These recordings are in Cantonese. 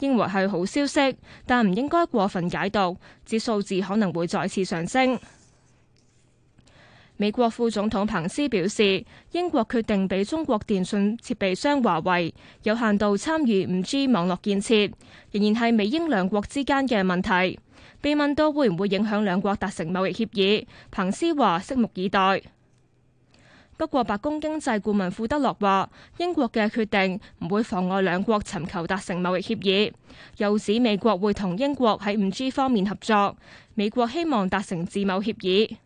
認為係好消息，但唔應該過分解讀，指數字可能會再次上升。美國副總統彭斯表示，英國決定俾中國電訊設備商華為有限度參與五 G 網絡建設，仍然係美英兩國之間嘅問題。被問到會唔會影響兩國達成貿易協議，彭斯話：拭目以待。不過白宮經濟顧問庫德洛話，英國嘅決定唔會妨礙兩國尋求達成貿易協議，又指美國會同英國喺五 G 方面合作，美國希望達成自貿協議。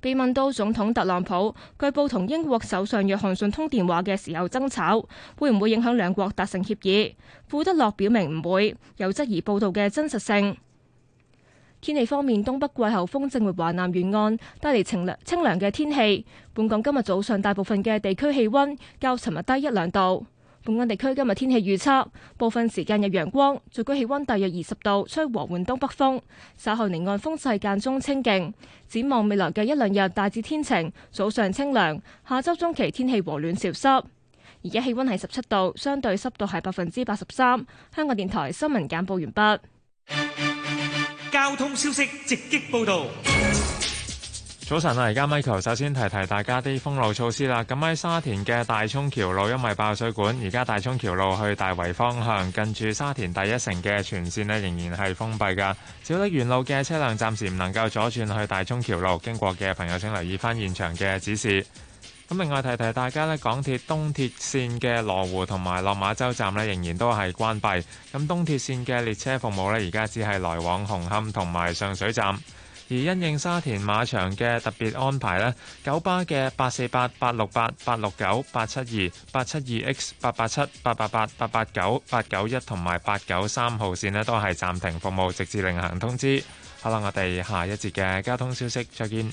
被問到總統特朗普據報同英國首相約翰遜通電話嘅時候爭吵，會唔會影響兩國達成協議？庫德洛表明唔會，有質疑報道嘅真實性。天氣方面，東北季候風正回華南沿岸，帶嚟晴涼、清涼嘅天氣。本港今日早上大部分嘅地區氣溫較尋日低一兩度。本港地區今日天氣預測，部分時間有陽光，最高氣溫大約二十度，吹和緩東北風，稍後離岸風勢間中清勁。展望未來嘅一兩日，大致天晴，早上清涼。下周中期天氣和暖潮濕。而家氣溫係十七度，相對濕度係百分之八十三。香港電台新聞簡報完畢。交通消息直擊報道。早晨啊，而家 Michael 首先提提大家啲封路措施啦。咁喺沙田嘅大涌橋路，因為爆水管，而家大涌橋路去大圍方向近住沙田第一城嘅全線咧仍然係封閉噶。小瀝源路嘅車輛暫時唔能夠左轉去大涌橋路，經過嘅朋友請留意翻現場嘅指示。咁另外提提大家咧，港鐵東鐵線嘅羅湖同埋落馬洲站咧，仍然都係關閉。咁東鐵線嘅列車服務咧，而家只係來往紅磡同埋上水站。而因應沙田馬場嘅特別安排咧，九巴嘅八四八、八六八、八六九、八七二、八七二 X、八八七、八八八、八八九、八九一同埋八九三號線咧，都係暫停服務，直至另行通知。好啦，我哋下一節嘅交通消息，再見。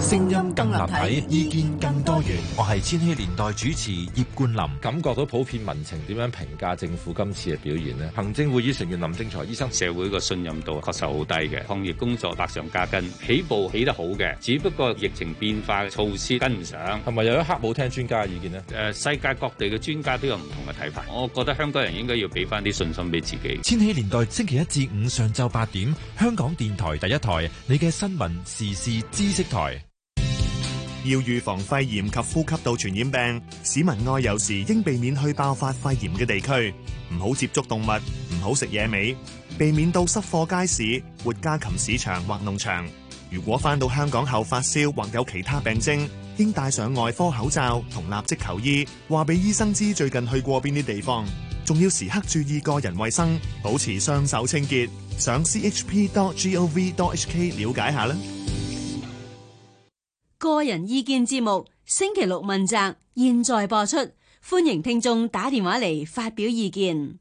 聲音更立體，意見更多元。我係千禧年代主持葉冠霖，感覺到普遍民情點樣評價政府今次嘅表現咧？行政會議成員林正財醫生，社會個信任度確實好低嘅，抗疫工作百上加斤，起步起得好嘅，只不過疫情變化嘅措施跟唔上，同埋有一刻冇聽專家嘅意見咧。誒、呃，世界各地嘅專家都有唔同嘅睇法，我覺得香港人應該要俾翻啲信心俾自己。千禧年代星期一至五上晝八點，香港電台第一台，你嘅新聞時事知識台。要預防肺炎及呼吸道傳染病，市民外遊時應避免去爆發肺炎嘅地區，唔好接觸動物，唔好食野味，避免到濕貨街市、活家禽市場或農場。如果翻到香港後發燒或有其他病徵，應戴上外科口罩同立即求醫，話俾醫生知最近去過邊啲地方。仲要時刻注意個人衛生，保持雙手清潔。上 chp.gov.hk 了解下啦。個人意見節目，星期六問責，現在播出，歡迎聽眾打電話嚟發表意見。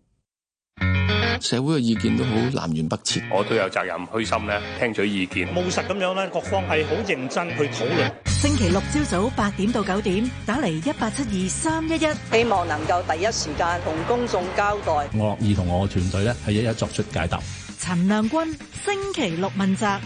社會嘅意見都好南轅北轍，我都有責任虛心咧聽取意見，務實咁樣咧，各方係好認真去討論。星期六朝早八點到九點，打嚟一八七二三一一，希望能夠第一時間同公眾交代。我樂意同我嘅團隊咧，係一一作出解答。陳亮君，星期六問責。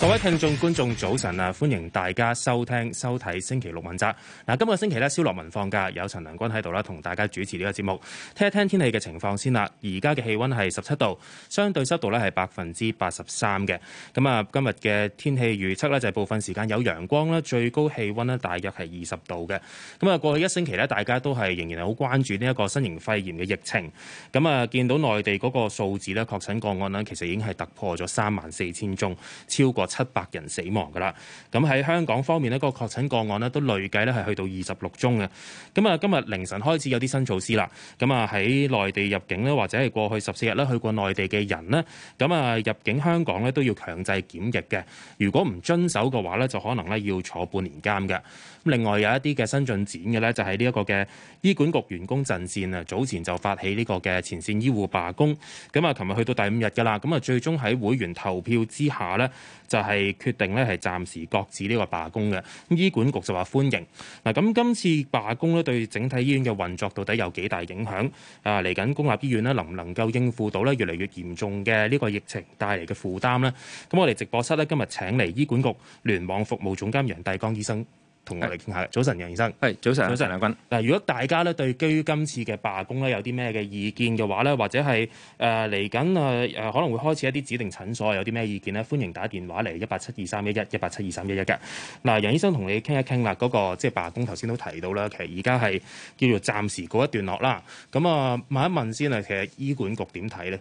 各位聽眾觀眾早晨啊，歡迎大家收聽收睇星期六問責。嗱，今個星期咧，蕭樂文放假，有陳良君喺度啦，同大家主持呢個節目。聽一聽天氣嘅情況先啦。而家嘅氣溫係十七度，相對濕度咧係百分之八十三嘅。咁啊，今日嘅天氣預測咧就係部分時間有陽光啦，最高氣溫咧大約係二十度嘅。咁啊，過去一星期咧，大家都係仍然係好關注呢一個新型肺炎嘅疫情。咁啊，見到內地嗰個數字咧，確診個案咧其實已經係突破咗三萬四千宗，超過。七百人死亡噶啦，咁喺香港方面呢，嗰個確診個案呢都累計呢係去到二十六宗嘅。咁啊，今日凌晨開始有啲新措施啦。咁啊，喺內地入境呢，或者係過去十四日呢去過內地嘅人呢，咁啊入境香港呢都要強制檢疫嘅。如果唔遵守嘅話呢，就可能呢要坐半年監嘅。咁另外有一啲嘅新進展嘅呢，就係呢一個嘅醫管局員工陣線啊，早前就發起呢個嘅前線醫護罷工。咁啊，琴日去到第五日噶啦，咁啊最終喺會員投票之下呢就。就係決定咧，係暫時擱置呢個罷工嘅。醫管局就話歡迎嗱。咁今次罷工咧，對整體醫院嘅運作到底有幾大影響？啊，嚟緊公立醫院呢能唔能夠應付到咧？越嚟越嚴重嘅呢個疫情帶嚟嘅負擔呢？咁我哋直播室咧，今日請嚟醫管局聯網服務總監楊諦岡醫生。同我哋傾下。早晨，楊醫生。係，早晨。早晨，梁君。嗱，如果大家咧對基於今次嘅罷工咧有啲咩嘅意見嘅話咧，或者係誒嚟緊誒誒可能會開始一啲指定診所有啲咩意見咧，歡迎打電話嚟，一八七二三一一一八七二三一一嘅。嗱、那個，楊醫生同你傾一傾啦。嗰個即係罷工頭先都提到啦，其實而家係叫做暫時告一段落啦。咁啊，問一問先啊，其實醫管局點睇咧？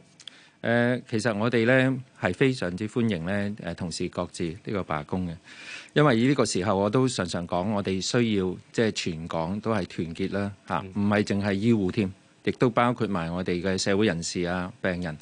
誒、呃，其實我哋咧係非常之歡迎咧，誒、呃，同事各自呢個罷工嘅，因為呢個時候我都常常講，我哋需要即係全港都係團結啦，嚇、嗯，唔係淨係醫護添，亦都包括埋我哋嘅社會人士啊、病人。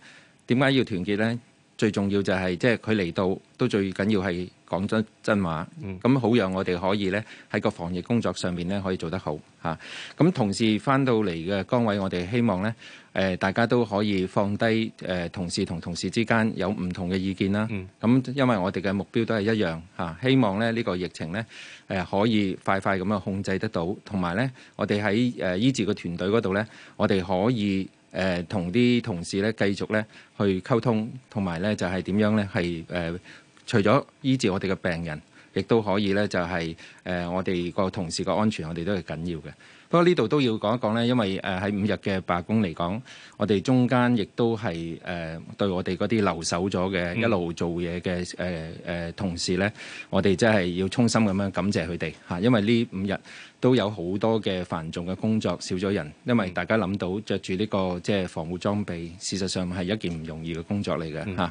點解要團結呢？最重要就係即係佢嚟到都最緊要係講真真話，咁、嗯啊、好讓我哋可以呢喺個防疫工作上面呢可以做得好嚇。咁、啊啊、同時返到嚟嘅崗位，我哋希望呢。誒，大家都可以放低誒，同事同同事之間有唔同嘅意見啦。咁、嗯、因為我哋嘅目標都係一樣嚇，希望咧呢個疫情咧誒可以快快咁樣控制得到，同埋咧我哋喺誒醫治嘅團隊嗰度咧，我哋可以誒同啲同事咧繼續咧去溝通，同埋咧就係點樣咧係誒，除咗醫治我哋嘅病人，亦都可以咧就係誒我哋個同事嘅安全，我哋都係緊要嘅。不過呢度都要講一講咧，因為誒喺五日嘅罷工嚟講，我哋中間亦都係誒、呃、對我哋嗰啲留守咗嘅一路做嘢嘅誒誒同事咧，我哋真係要衷心咁樣感謝佢哋嚇，因為呢五日，都有好多嘅繁重嘅工作少咗人，因為大家諗到着住、這、呢個即係防護裝備事實上係一件唔容易嘅工作嚟嘅吓，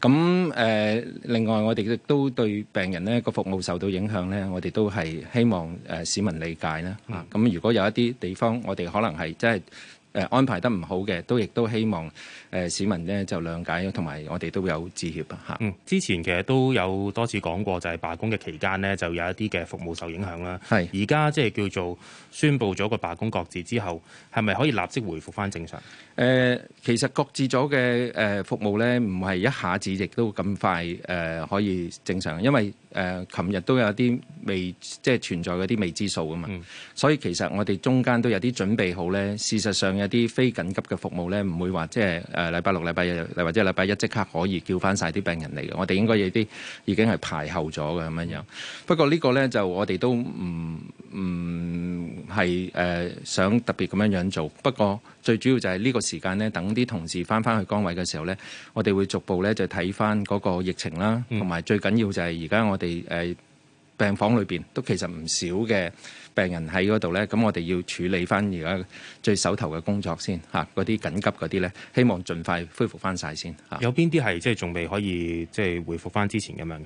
咁誒、嗯啊呃、另外我哋亦都對病人咧個服務受到影響咧，我哋都係希望誒、呃、市民理解啦吓，咁、啊、如果有一啲地方，我哋可能係真係。誒安排得唔好嘅，都亦都希望誒市民呢就諒解，同埋我哋都有致歉啊！嚇，嗯，之前其實都有多次講過，就係罷工嘅期間呢，就有一啲嘅服務受影響啦。係是，而家即係叫做宣布咗個罷工擱置之後，係咪可以立即回復翻正常？誒、嗯，其實擱置咗嘅誒服務呢，唔係一下子亦都咁快誒可以正常，因為誒琴日都有啲未即係存在嗰啲未知數啊嘛。嗯、所以其實我哋中間都有啲準備好呢，事實上。有啲非緊急嘅服務咧，唔會話即係誒禮拜六、禮拜日，或者禮拜一即刻可以叫翻晒啲病人嚟嘅。我哋應該有啲已經係排後咗嘅咁樣樣。不過個呢個咧就我哋都唔，唔係誒想特別咁樣樣做。不過最主要就係呢個時間咧，等啲同事翻翻去崗位嘅時候咧，我哋會逐步咧就睇翻嗰個疫情啦，同埋最緊要就係而家我哋誒、呃、病房裏邊都其實唔少嘅。病人喺嗰度呢，咁我哋要處理翻而家最手頭嘅工作先嚇，嗰啲緊急嗰啲呢，希望盡快恢復翻晒先嚇。有邊啲係即係仲未可以即係恢復翻之前咁樣嘅？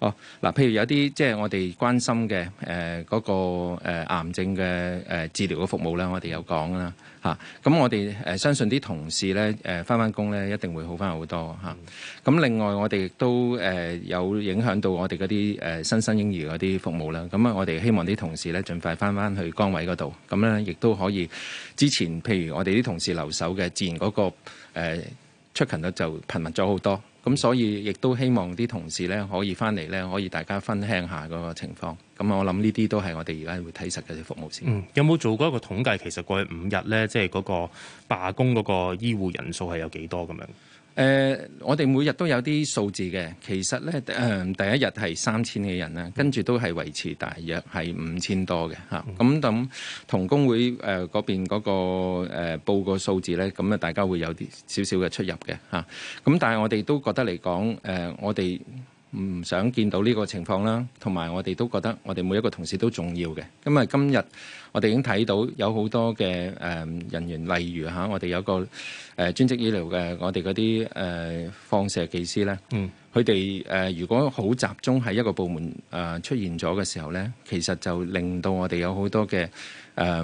哦，嗱，譬如有啲即係我哋關心嘅誒嗰個、呃、癌症嘅誒、呃、治療嘅服務呢，我哋有講啦。咁、啊、我哋誒、呃、相信啲同事咧誒翻翻工咧一定會好翻好多嚇。咁、啊、另外我哋亦都誒有影響到我哋嗰啲誒新生嬰兒嗰啲服務啦。咁啊，我哋希望啲同事咧盡快翻翻去崗位嗰度。咁咧亦都可以之前譬如我哋啲同事留守嘅，自然嗰、那個、呃、出勤率就頻密咗好多。咁所以亦都希望啲同事咧可以翻嚟咧，可以大家分享下嗰個情況。咁我諗呢啲都係我哋而家會睇實嘅服務先。嗯，有冇做過一個統計，其實過去五日咧，即係嗰個罷工嗰個醫護人數係有幾多咁樣？誒，uh, 我哋每日都有啲數字嘅，其實咧誒、呃，第一日係三千幾人啦，跟住都係維持大約係五千多嘅嚇，咁等同工會誒嗰邊嗰個誒、呃、報個數字咧，咁啊大家會有啲少少嘅出入嘅嚇，咁、啊、但係我哋都覺得嚟講誒，我哋。唔想見到呢個情況啦，同埋我哋都覺得我哋每一個同事都重要嘅。咁啊，今日我哋已經睇到有好多嘅誒人員，例如嚇，我哋有個誒專職醫療嘅，我哋嗰啲誒放射技師咧。嗯。佢哋誒如果好集中喺一個部門誒、呃、出現咗嘅時候呢，其實就令到我哋有好多嘅誒、呃，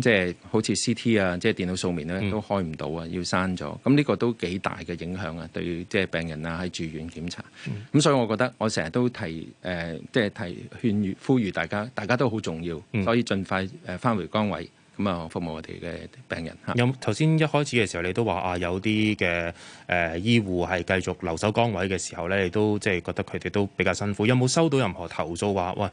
即係好似 CT 啊，即係電腦掃描咧都開唔到啊，嗯、要刪咗。咁呢個都幾大嘅影響啊，對即係病人啊喺住院檢查。咁、嗯嗯、所以我覺得我成日都提誒、呃，即係提勸喻呼籲大家，大家都好重要，所以盡快誒返回崗位。嗯嗯咁啊，服務我哋嘅病人嚇。有頭先一開始嘅時候，你都話啊，有啲嘅誒醫護係繼續留守崗位嘅時候咧，你都即係、就是、覺得佢哋都比較辛苦。有冇收到任何投訴話喂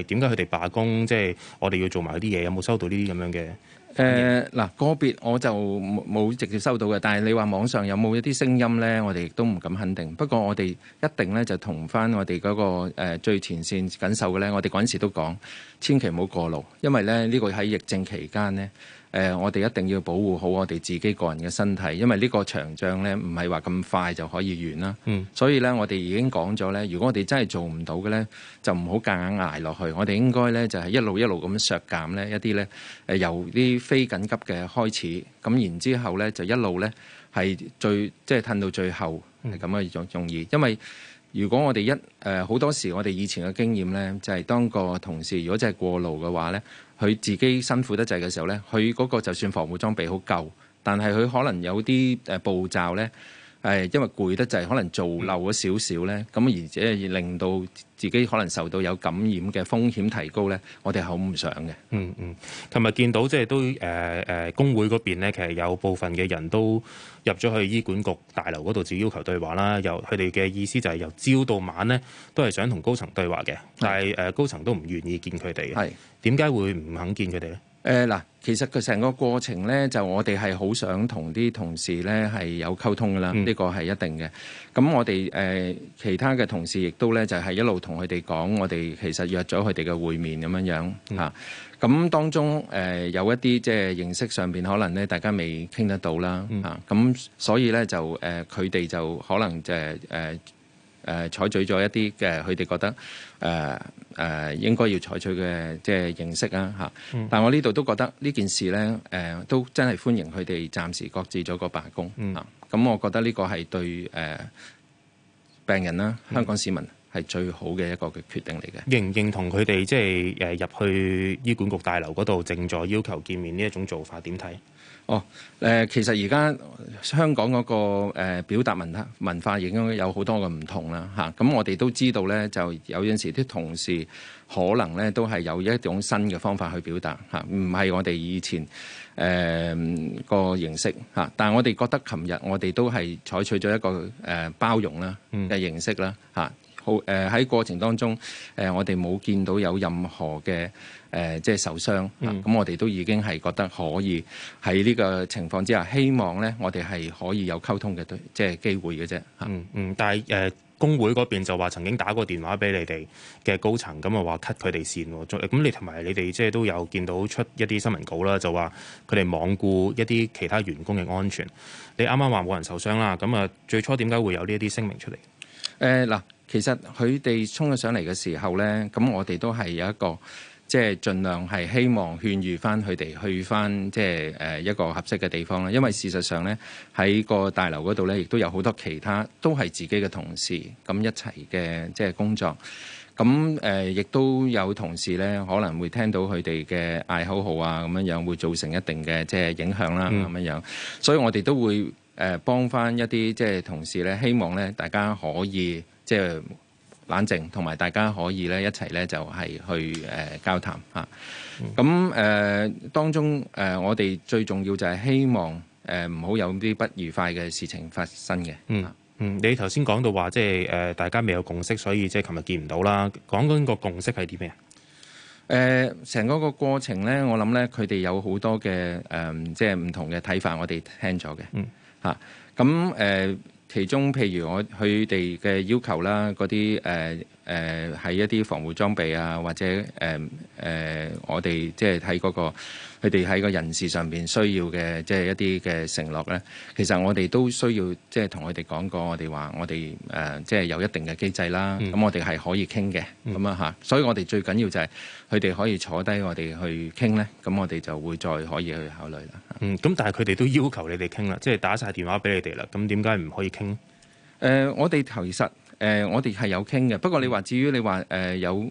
誒，點解佢哋罷工？即、就、係、是、我哋要做埋啲嘢，有冇收到呢啲咁樣嘅？誒嗱、呃、個別我就冇直接收到嘅，但係你話網上有冇一啲聲音呢？我哋亦都唔敢肯定。不過我哋一定呢，就同翻我哋嗰個最前線緊守嘅呢。我哋嗰陣時都講，千祈唔好過勞，因為咧呢、呢個喺疫症期間呢。誒、呃，我哋一定要保護好我哋自己個人嘅身體，因為個呢個長仗咧，唔係話咁快就可以完啦。嗯、所以咧，我哋已經講咗咧，如果我哋真係做唔到嘅咧，就唔好夾硬捱落去。我哋應該咧，就係、是、一路一路咁削減咧一啲咧誒由啲非緊急嘅開始，咁然之後咧就一路咧係最即係褪到最後係咁啊容容易。嗯、因為如果我哋一誒好、呃、多時我哋以前嘅經驗咧，就係、是、當個同事如果真係過勞嘅話咧。佢自己辛苦得滯嘅時候咧，佢嗰個就算防護裝備好夠，但係佢可能有啲誒步驟咧。誒，因為攰得就係可能做漏咗少少咧，咁而且係令到自己可能受到有感染嘅風險提高咧，我哋好唔想嘅、嗯。嗯嗯，同埋見到即係都誒誒工會嗰邊咧，其實有部分嘅人都入咗去醫管局大樓嗰度，自要求對話啦。由佢哋嘅意思就係由朝到晚咧，都係想同高層對話嘅，但係誒高層都唔願意見佢哋嘅。係點解會唔肯見佢哋咧？誒嗱、呃，其實佢成個過程咧，就我哋係好想同啲同事咧係有溝通噶啦，呢個係一定嘅。咁我哋誒、呃、其他嘅同事亦都咧，就係、是、一路同佢哋講，我哋其實約咗佢哋嘅會面咁樣樣嚇。咁、嗯啊、當中誒、呃、有一啲即係認識上邊可能咧，大家未傾得到啦嚇。咁、啊、所以咧就誒佢哋就可能就誒。呃誒、呃、採取咗一啲嘅，佢哋覺得誒誒應該要採取嘅即係形式啦嚇、啊。但我呢度都覺得呢件事咧誒、呃，都真係歡迎佢哋暫時擱置咗個罷工、嗯、啊。咁我覺得呢個係對誒、呃、病人啦、香港市民係最好嘅一個嘅決定嚟嘅。認唔認同佢哋即係誒入去醫管局大樓嗰度靜坐要求見面呢一種做法？點睇？哦，誒、呃，其實而家香港嗰、那個、呃、表達文化文化已經有好多個唔同啦，嚇、啊！咁我哋都知道咧，就有陣時啲同事可能咧都係有一種新嘅方法去表達嚇，唔、啊、係我哋以前誒、呃、那個形式嚇、啊。但係我哋覺得琴日我哋都係採取咗一個誒、呃、包容啦嘅形式啦嚇、嗯啊。好誒喺、呃、過程當中，誒、呃、我哋冇見到有任何嘅。誒、 呃，即係受傷，咁我哋都已經係覺得可以喺呢個情況之下，希望呢我哋係可以有溝通嘅，即係機會嘅啫。嗯嗯，但係誒、呃，工會嗰邊就話曾經打過電話俾你哋嘅高層，咁啊話 cut 佢哋線。咁、啊嗯、你同埋、啊、你哋即係都有見到出一啲新聞稿啦，就話佢哋罔顧一啲其他員工嘅安全。你啱啱話冇人受傷啦，咁啊，最初點解會有呢一啲聲明出嚟？誒嗱、呃，其實佢哋衝咗上嚟嘅時候呢，咁我哋都係有一個。即係盡量係希望勸喻翻佢哋去翻即係誒一個合適嘅地方啦，因為事實上呢，喺個大樓嗰度呢，亦都有好多其他都係自己嘅同事咁一齊嘅即係工作，咁誒亦都有同事呢可能會聽到佢哋嘅嗌口號啊，咁樣樣會造成一定嘅即係影響啦，咁樣樣，嗯、所以我哋都會誒幫翻一啲即係同事呢，希望呢大家可以即係。冷靜，同埋大家可以咧一齊咧就係去誒交談嚇。咁誒、嗯呃、當中誒、呃、我哋最重要就係希望誒唔好有啲不愉快嘅事情發生嘅。嗯嗯，你頭先講到話即係誒、呃、大家未有共識，所以即係琴日見唔到啦。講緊個共識係啲咩啊？誒、呃，成個過程咧，我諗咧佢哋有好多嘅誒、呃，即係唔同嘅睇法，我哋聽咗嘅。嗯嚇，咁誒、啊。其中，譬如我佢哋嘅要求啦，嗰啲誒。呃誒喺、呃、一啲防護裝備啊，或者誒誒、呃呃，我哋即係喺嗰個佢哋喺個人事上邊需要嘅，即係一啲嘅承諾咧。其實我哋都需要即係同佢哋講過，我哋話我哋誒即係有一定嘅機制啦。咁、嗯、我哋係可以傾嘅。咁啊嚇，所以我哋最緊要就係佢哋可以坐低，我哋去傾咧。咁我哋就會再可以去考慮啦。嗯，咁但係佢哋都要求你哋傾啦，即係打晒電話俾你哋啦。咁點解唔可以傾？誒、呃，我哋頭其實。誒、呃，我哋係有傾嘅，不過你你，你話至於你話誒有。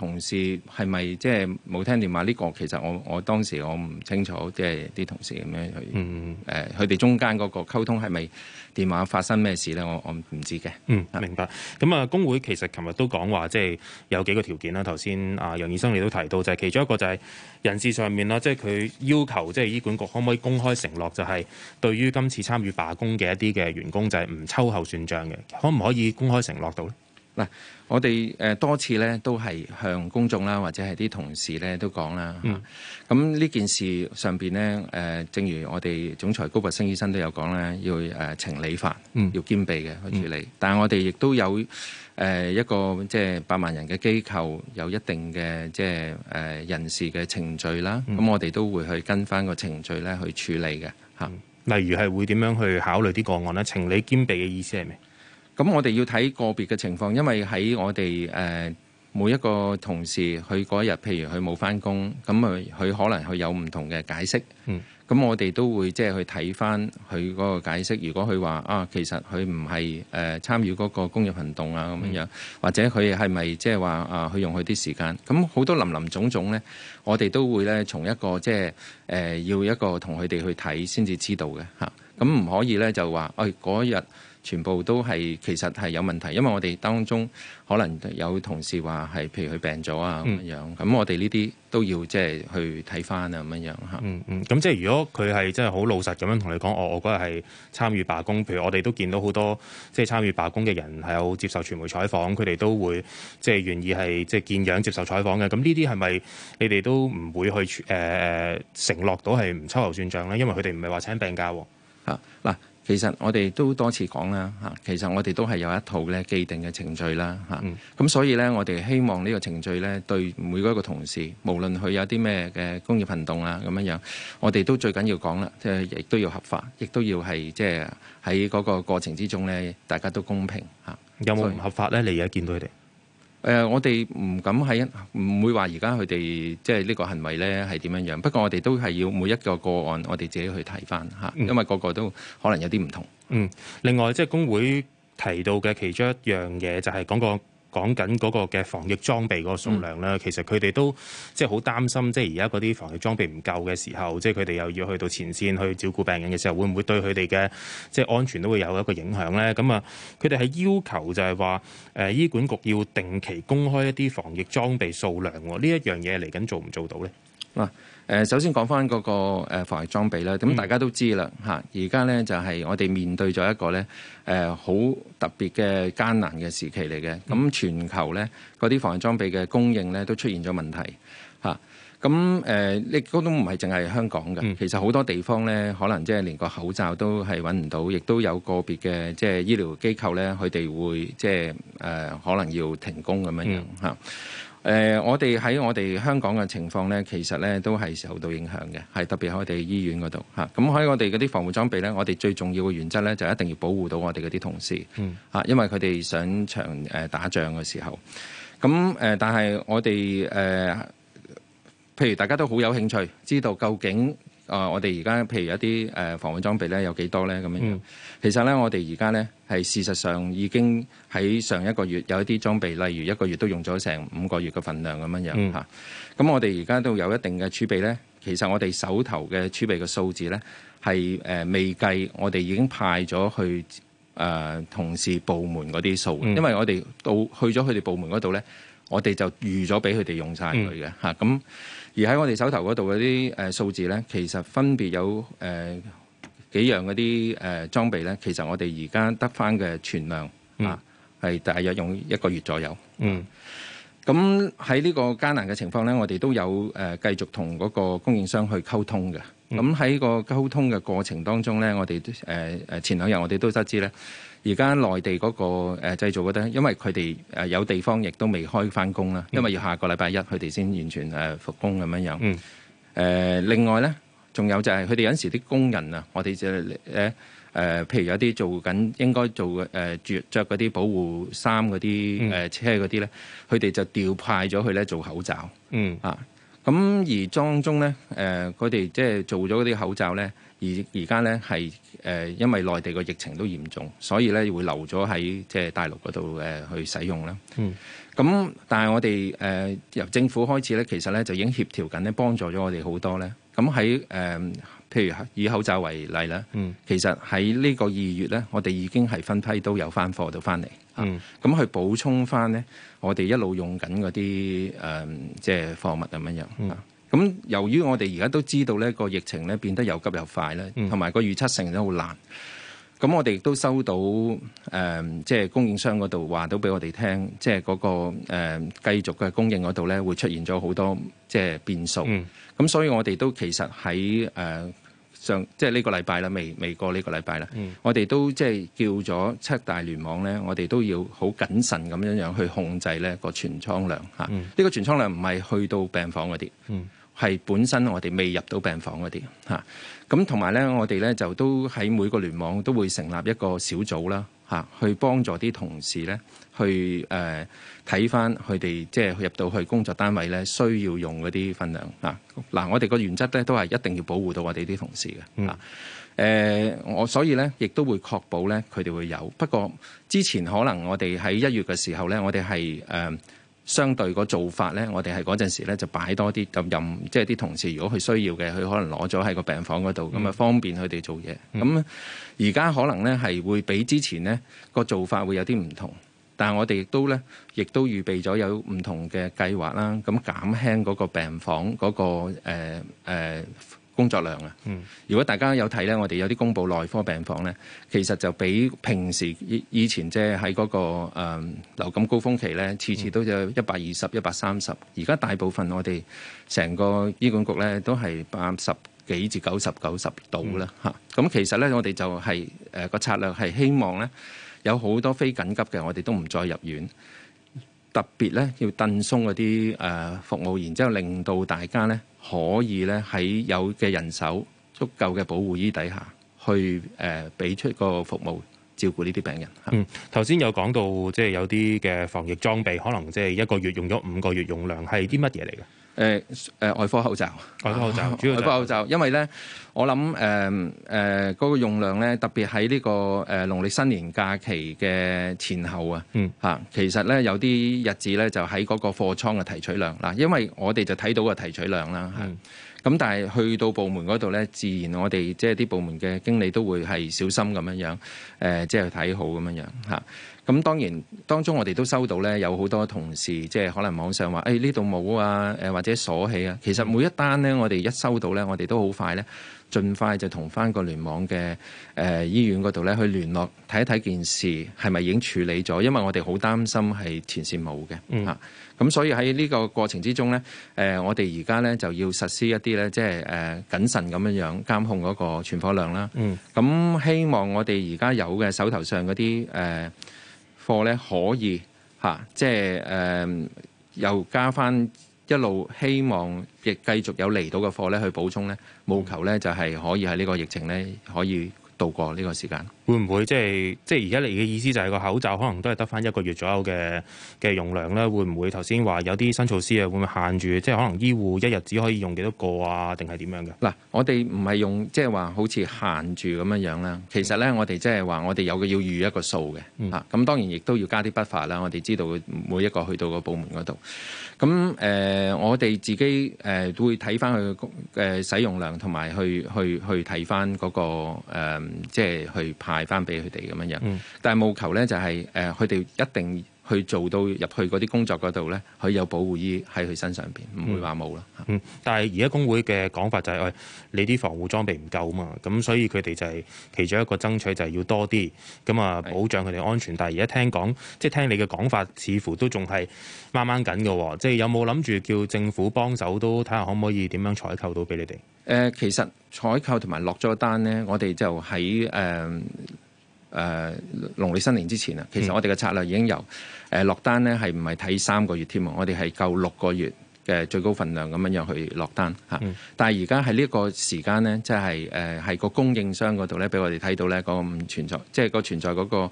同事係咪即係冇聽電話、這個？呢個其實我我當時我唔清楚，即係啲同事咁樣去誒，佢哋中間嗰個溝通係咪電話發生咩事咧？我我唔知嘅。嗯，明白。咁啊，工會其實琴日都講話，即、就、係、是、有幾個條件啦。頭先啊楊醫生你都提到，就係、是、其中一個就係人事上面啦，即係佢要求即係醫管局可唔可以公開承諾，就係對於今次參與罷工嘅一啲嘅員工，就係唔秋後算賬嘅，可唔可以公開承諾到咧？我哋誒多次咧都係向公眾啦，或者係啲同事咧都講啦。咁呢、嗯、件事上邊咧誒，正如我哋總裁高拔陞醫生都有講咧，要誒情理法、嗯、要兼備嘅去處理。嗯、但係我哋亦都有誒一個即係八萬人嘅機構，有一定嘅即係誒人事嘅程序啦。咁、嗯、我哋都會去跟翻個程序咧去處理嘅嚇、嗯。例如係會點樣去考慮啲個案咧？情理兼備嘅意思係咩？咁我哋要睇個別嘅情況，因為喺我哋誒、呃、每一個同事，佢嗰日譬如佢冇翻工，咁啊佢可能佢有唔同嘅解釋。嗯，咁我哋都會即係去睇翻佢嗰個解釋。如果佢話啊，其實佢唔係誒參與嗰個工業行動啊咁樣，嗯、或者佢係咪即係話啊，去佢用佢啲時間？咁好多林林總總咧，我哋都會咧從一個即係誒、呃、要一個同佢哋去睇先至知道嘅嚇。咁、啊、唔可以咧就話誒嗰日。哎全部都係其實係有問題，因為我哋當中可能有同事話係譬如佢病咗啊咁樣，咁我哋呢啲都要即係、就是、去睇翻啊咁樣嚇、嗯。嗯嗯，咁即係如果佢係真係好老實咁樣同你講、哦，我我嗰日係參與罷工，譬如我哋都見到好多即係參與罷工嘅人係有接受傳媒採訪，佢哋都會即係願意係即係見樣接受採訪嘅。咁呢啲係咪你哋都唔會去誒、呃、承諾到係唔秋後算賬咧？因為佢哋唔係話請病假嚇嗱。其實我哋都多次講啦，嚇，其實我哋都係有一套咧既定嘅程序啦，嚇、嗯。咁、啊、所以咧，我哋希望呢個程序咧，對每一個同事，無論佢有啲咩嘅工業行動啊，咁樣樣，我哋都最緊要講啦，即係亦都要合法，亦都要係即係喺嗰個過程之中咧，大家都公平嚇。有冇唔合法咧？所以，你而家見到佢哋？誒，我哋唔敢係一唔會話而家佢哋即係呢個行為咧係點樣樣。不過我哋都係要每一個個案，我哋自己去睇翻吓，因為個個都可能有啲唔同。嗯，另外即係工會提到嘅其中一樣嘢，就係講個。講緊嗰個嘅防疫裝備嗰個數量啦，其實佢哋都即係好擔心，即係而家嗰啲防疫裝備唔夠嘅時候，即係佢哋又要去到前線去照顧病人嘅時候，會唔會對佢哋嘅即係安全都會有一個影響咧？咁啊，佢哋係要求就係話，誒醫管局要定期公開一啲防疫裝備數量，呢一樣嘢嚟緊做唔做到咧？嗱。啊誒，首先講翻嗰個誒防護裝備啦。咁大家都知啦，嚇，而家咧就係我哋面對咗一個咧誒好特別嘅艱難嘅時期嚟嘅。咁全球咧嗰啲防護裝備嘅供應咧都出現咗問題，嚇。咁誒，呢都唔係淨係香港嘅，其實好多地方咧可能即係連個口罩都係揾唔到，亦都有個別嘅即係醫療機構咧，佢哋會即係誒可能要停工咁樣樣嚇。誒、呃，我哋喺我哋香港嘅情況呢，其實呢都係受到影響嘅，係特別喺我哋醫院嗰度嚇。咁、啊、喺我哋嗰啲防護裝備呢，我哋最重要嘅原則呢，就是、一定要保護到我哋嗰啲同事嚇、啊，因為佢哋上場誒打仗嘅時候。咁、啊、誒，但係我哋誒、啊，譬如大家都好有興趣知道究竟。啊、呃！我哋而家譬如一啲誒防護裝備咧，有幾多咧？咁樣樣，其實咧，我哋而家咧係事實上已經喺上一個月有一啲裝備，例如一個月都用咗成五個月嘅份量咁樣樣嚇。咁、嗯啊、我哋而家都有一定嘅儲備咧。其實我哋手頭嘅儲備嘅數字咧，係誒、呃、未計我哋已經派咗去誒、呃、同事部門嗰啲數，因為我哋到去咗佢哋部門嗰度咧，我哋就預咗俾佢哋用晒佢嘅嚇。咁、啊。嗯嗯而喺我哋手頭嗰度嗰啲誒數字咧，其實分別有誒、呃、幾樣嗰啲誒裝備咧，其實我哋而家得返嘅存量啊，係、嗯、大約用一個月左右。嗯，咁喺呢個艱難嘅情況咧，我哋都有誒繼、呃、續同嗰個供應商去溝通嘅。咁喺、嗯、個溝通嘅過程當中咧，我哋、呃、都誒誒前兩日我哋都得知咧。而家內地嗰、那個誒、呃、製造嗰啲、呃，因為佢哋誒有地方亦都未開返工啦，因為要下個禮拜一佢哋先完全誒、呃、復工咁樣樣。誒、呃、另外咧，仲有就係佢哋有時啲工人啊，我哋就誒誒、呃，譬如有啲做緊應該做誒著著嗰啲保護衫嗰啲誒車嗰啲咧，佢哋、嗯、就調派咗佢咧做口罩。嗯啊。咁而當中咧，誒佢哋即係做咗嗰啲口罩咧，而而家咧係誒因為內地個疫情都嚴重，所以咧會留咗喺即係大陸嗰度誒去使用啦。嗯，咁但係我哋誒、呃、由政府開始咧，其實咧就已經協調緊咧，幫助咗我哋好多咧。咁喺誒譬如以口罩為例啦，嗯，其實喺呢個二月咧，我哋已經係分批都有返貨到返嚟。嗯，咁去補充翻咧，我哋一路用緊嗰啲誒，即係貨物咁樣樣。嗯，咁、嗯、由於我哋而家都知道咧，個疫情咧變得又急又快咧，同埋、嗯、個預測性都好難。咁我哋亦都收到誒、嗯，即係供應商嗰度話到俾我哋聽，即係嗰、嗰個誒、嗯、繼續嘅供應嗰度咧，會出現咗好多即係變數。咁、嗯嗯、所以我哋都其實喺誒。呃上即係呢個禮拜啦，未未過呢個禮拜啦。嗯、我哋都即係叫咗七大聯網咧，我哋都要好謹慎咁樣樣去控制咧、呢個存倉量嚇。呢、啊呢個存倉量唔係去到病房嗰啲，係、嗯、本身我哋未入到病房嗰啲嚇。咁同埋咧，我哋咧就都喺每個聯網都會成立一個小組啦。嚇，去幫助啲同事咧，去誒睇返佢哋即係入到去工作單位咧，需要用嗰啲分量啊！嗱，我哋個原則咧都係一定要保護到我哋啲同事嘅啊！誒、呃，我所以咧亦都會確保咧佢哋會有，不過之前可能我哋喺一月嘅時候咧，我哋係誒。呃相對個做法咧，我哋係嗰陣時咧就擺多啲就任，即係啲同事如果佢需要嘅，佢可能攞咗喺個病房嗰度，咁啊、嗯、方便佢哋做嘢。咁而家可能咧係會比之前咧、個做法會有啲唔同，但係我哋亦都咧亦都預備咗有唔同嘅計劃啦，咁減輕嗰個病房嗰、個誒、呃呃工作量啊，如果大家有睇咧，我哋有啲公布內科病房咧，其實就比平時以以前即係喺嗰個誒、呃、流感高峰期咧，次次都有一百二十一百三十，而家大部分我哋成個醫管局咧都係八十幾至九十九十度啦吓，咁、嗯啊、其實咧，我哋就係誒個策略係希望咧，有好多非緊急嘅，我哋都唔再入院，特別咧要揼鬆嗰啲誒服務，然之後令到大家咧。可以咧喺有嘅人手足夠嘅保護衣底下去誒，俾出個服務照顧呢啲病人。嗯，頭先有講到即係有啲嘅防疫裝備，可能即係一個月用咗五個月用量，係啲乜嘢嚟嘅？誒誒外科口罩，外科口罩，主要外科口罩，因為咧，我諗誒誒嗰個用量咧，特別喺呢個誒農曆新年假期嘅前後啊，嗯，嚇，其實咧有啲日子咧就喺嗰個貨倉嘅提取量嗱，因為我哋就睇到個提取量啦，係，咁但係去到部門嗰度咧，自然我哋即係啲部門嘅經理都會係小心咁樣樣，誒、呃，即係睇好咁樣樣嚇。咁當然，當中我哋都收到咧，有好多同事即係可能網上話，誒呢度冇啊，誒或者鎖起啊。其實每一單咧，我哋一收到咧，我哋都好快咧，盡快就同翻個聯網嘅誒、呃、醫院嗰度咧去聯絡，睇一睇件事係咪已經處理咗？因為我哋好擔心係前線冇嘅，嗯咁、啊、所以喺呢個過程之中咧，誒、呃、我哋而家咧就要實施一啲咧，即係誒、呃、謹慎咁樣樣監控嗰個存貨量啦。嗯、啊，咁希望我哋而家有嘅手頭上嗰啲誒。呃呃貨咧可以吓、啊，即係誒、呃、又加翻一路，希望亦繼續有嚟到嘅貨咧去補充咧，務求咧就係可以喺呢個疫情咧可以度過呢個時間。會唔會、即係、即係即係而家你嘅意思就係個口罩可能都係得翻一個月左右嘅嘅用量咧？會唔會頭先話有啲新措施啊？會唔會限住？即係可能醫護一日只可以用幾多個啊？定係點樣嘅？嗱，我哋唔係用即係話好似限住咁樣樣啦。其實咧，我哋即係話我哋有嘅要預一個數嘅嚇。咁、嗯啊、當然亦都要加啲筆法啦。我哋知道每一個去到個部門嗰度。咁誒、呃，我哋自己誒、呃、會睇翻佢嘅使用量，同埋去去去睇翻嗰個、呃、即係去排。遞翻俾佢哋咁樣樣，嗯、但係務求咧就係、是、誒，佢、呃、哋一定去做到入去嗰啲工作嗰度咧，佢有保護衣喺佢身上邊，唔會話冇啦。嗯，但係而家工會嘅講法就係、是喂，你啲防護裝備唔夠啊嘛，咁所以佢哋就係、是、其中一個爭取就係要多啲，咁啊保障佢哋安全。是但係而家聽講，即係聽你嘅講法，似乎都仲係掹掹緊噶。即、就、係、是、有冇諗住叫政府幫手都睇下可唔可以點樣採購到俾你哋？誒其實採購同埋落咗單咧，我哋就喺誒誒農曆新年之前啊，其實我哋嘅策略已經由誒落單咧，係唔係睇三個月添？我哋係夠六個月嘅最高份量咁樣樣去落單嚇。但係而家喺呢個時間咧，即係誒係個供應商嗰度咧，俾我哋睇到咧嗰個存在，即係個存在嗰個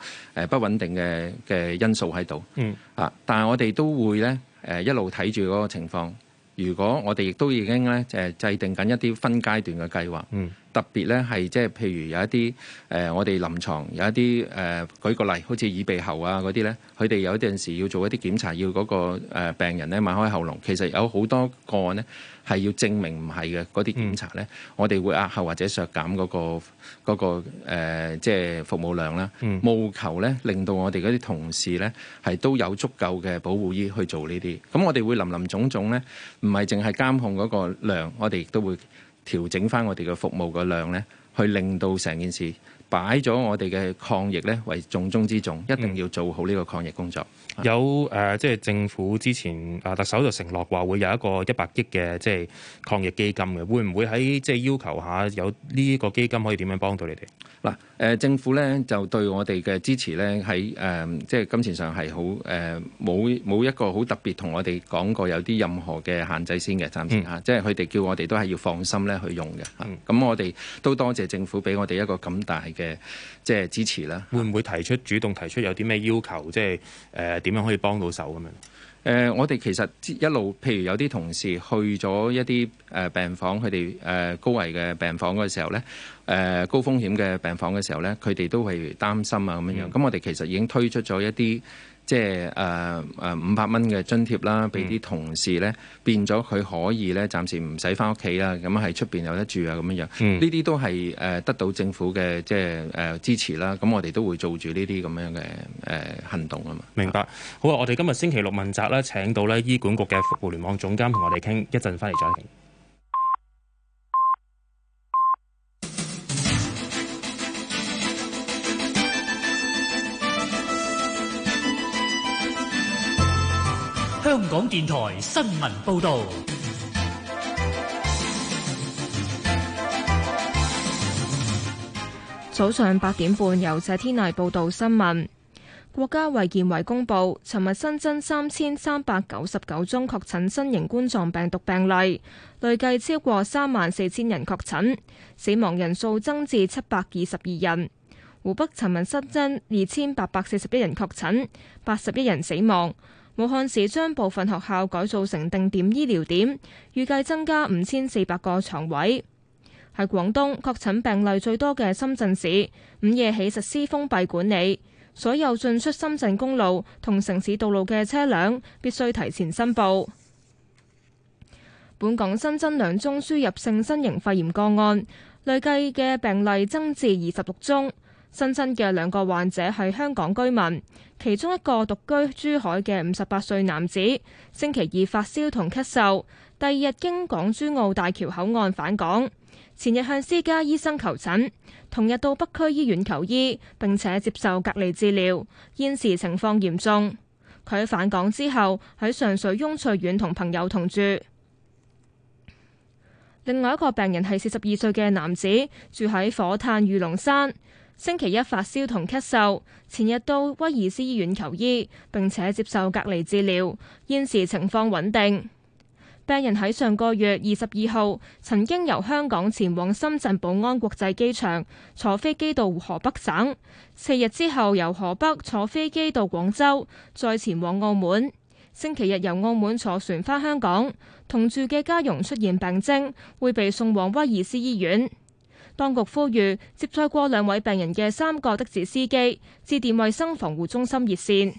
不穩定嘅嘅因素喺度啊。但係我哋都會咧誒一路睇住嗰個情況。如果我哋亦都已經咧，就、呃、制定緊一啲分階段嘅計劃。嗯。特別咧係即係譬如有一啲誒，我哋臨牀有一啲誒，舉個例，好似耳鼻喉啊嗰啲咧，佢哋有陣時要做一啲檢查，要嗰個誒病人咧，擘開喉嚨。其實有好多個案咧係要證明唔係嘅嗰啲檢查咧，我哋會壓後或者削減嗰個嗰個誒，即係服務量啦。嗯，務求咧令到我哋嗰啲同事咧係都有足夠嘅保護衣去做呢啲。咁我哋會林林總總咧，唔係淨係監控嗰個量，我哋亦都會，調整翻我哋嘅服務個量咧，去令到成件事。擺咗我哋嘅抗疫咧為重中之重，一定要做好呢個抗疫工作。嗯、有誒，即、呃、係、就是、政府之前啊特首就承諾話會有一個一百億嘅即係抗疫基金嘅，會唔會喺即係要求下有呢個基金可以點樣幫到你哋？嗱誒、嗯呃，政府咧就對我哋嘅支持咧係誒，即係、呃就是、金錢上係好誒，冇、呃、冇一個好特別同我哋講過有啲任何嘅限制先嘅，暫時吓。即係佢哋叫我哋都係要放心咧去用嘅。咁、嗯嗯、我哋都多謝,謝政府俾我哋一個咁大。嘅即係支持啦，會唔會提出主動提出有啲咩要求？即係誒點樣可以幫到手咁樣？誒、呃，我哋其實一路，譬如有啲同事去咗一啲誒病房，佢哋誒高危嘅病房嘅時候咧，誒、呃、高風險嘅病房嘅時候咧，佢哋都係擔心啊咁樣。咁、嗯、我哋其實已經推出咗一啲。即係誒誒五百蚊嘅津貼啦，俾啲同事咧、嗯、變咗佢可以咧暫時唔使翻屋企啦，咁喺出邊有得住啊咁樣樣。呢啲都係誒得到政府嘅即係誒支持啦。咁我哋都會做住呢啲咁樣嘅誒行動啊嘛。明白。好啊，我哋今日星期六問責啦，請到咧醫管局嘅互聯網總監同我哋傾，一陣翻嚟再傾。香港電台新聞報道，早上八點半由謝天麗報道新聞。國家衛健委公布，尋日新增三千三百九十九宗確診新型冠狀病毒病例，累計超過三萬四千人確診，死亡人數增至七百二十二人。湖北尋日新增二千八百四十一人確診，八十一人死亡。武漢市將部分學校改造成定點醫療點，預計增加五千四百個床位。喺廣東，確診病例最多嘅深圳市午夜起實施封閉管理，所有進出深圳公路同城市道路嘅車輛必須提前申報。本港新增兩宗輸入性新型肺炎個案，累計嘅病例增至二十六宗。新增嘅兩個患者係香港居民，其中一個獨居珠海嘅五十八歲男子，星期二發燒同咳嗽，第二日經港珠澳大橋口岸返港，前日向私家醫生求診，同日到北區醫院求醫並且接受隔離治療，現時情況嚴重。佢返港之後喺上水雍翠苑同朋友同住。另外一個病人係四十二歲嘅男子，住喺火炭御龍山。星期一發燒同咳嗽，前日到威爾斯醫院求醫，並且接受隔離治療，現時情況穩定。病人喺上個月二十二號曾經由香港前往深圳寶安國際機場，坐飛機到河北省，四日之後由河北坐飛機到廣州，再前往澳門。星期日由澳門坐船返香港，同住嘅家傭出現病徵，會被送往威爾斯醫院。當局呼籲接載過兩位病人嘅三個的士司機致電衛生防護中心熱線。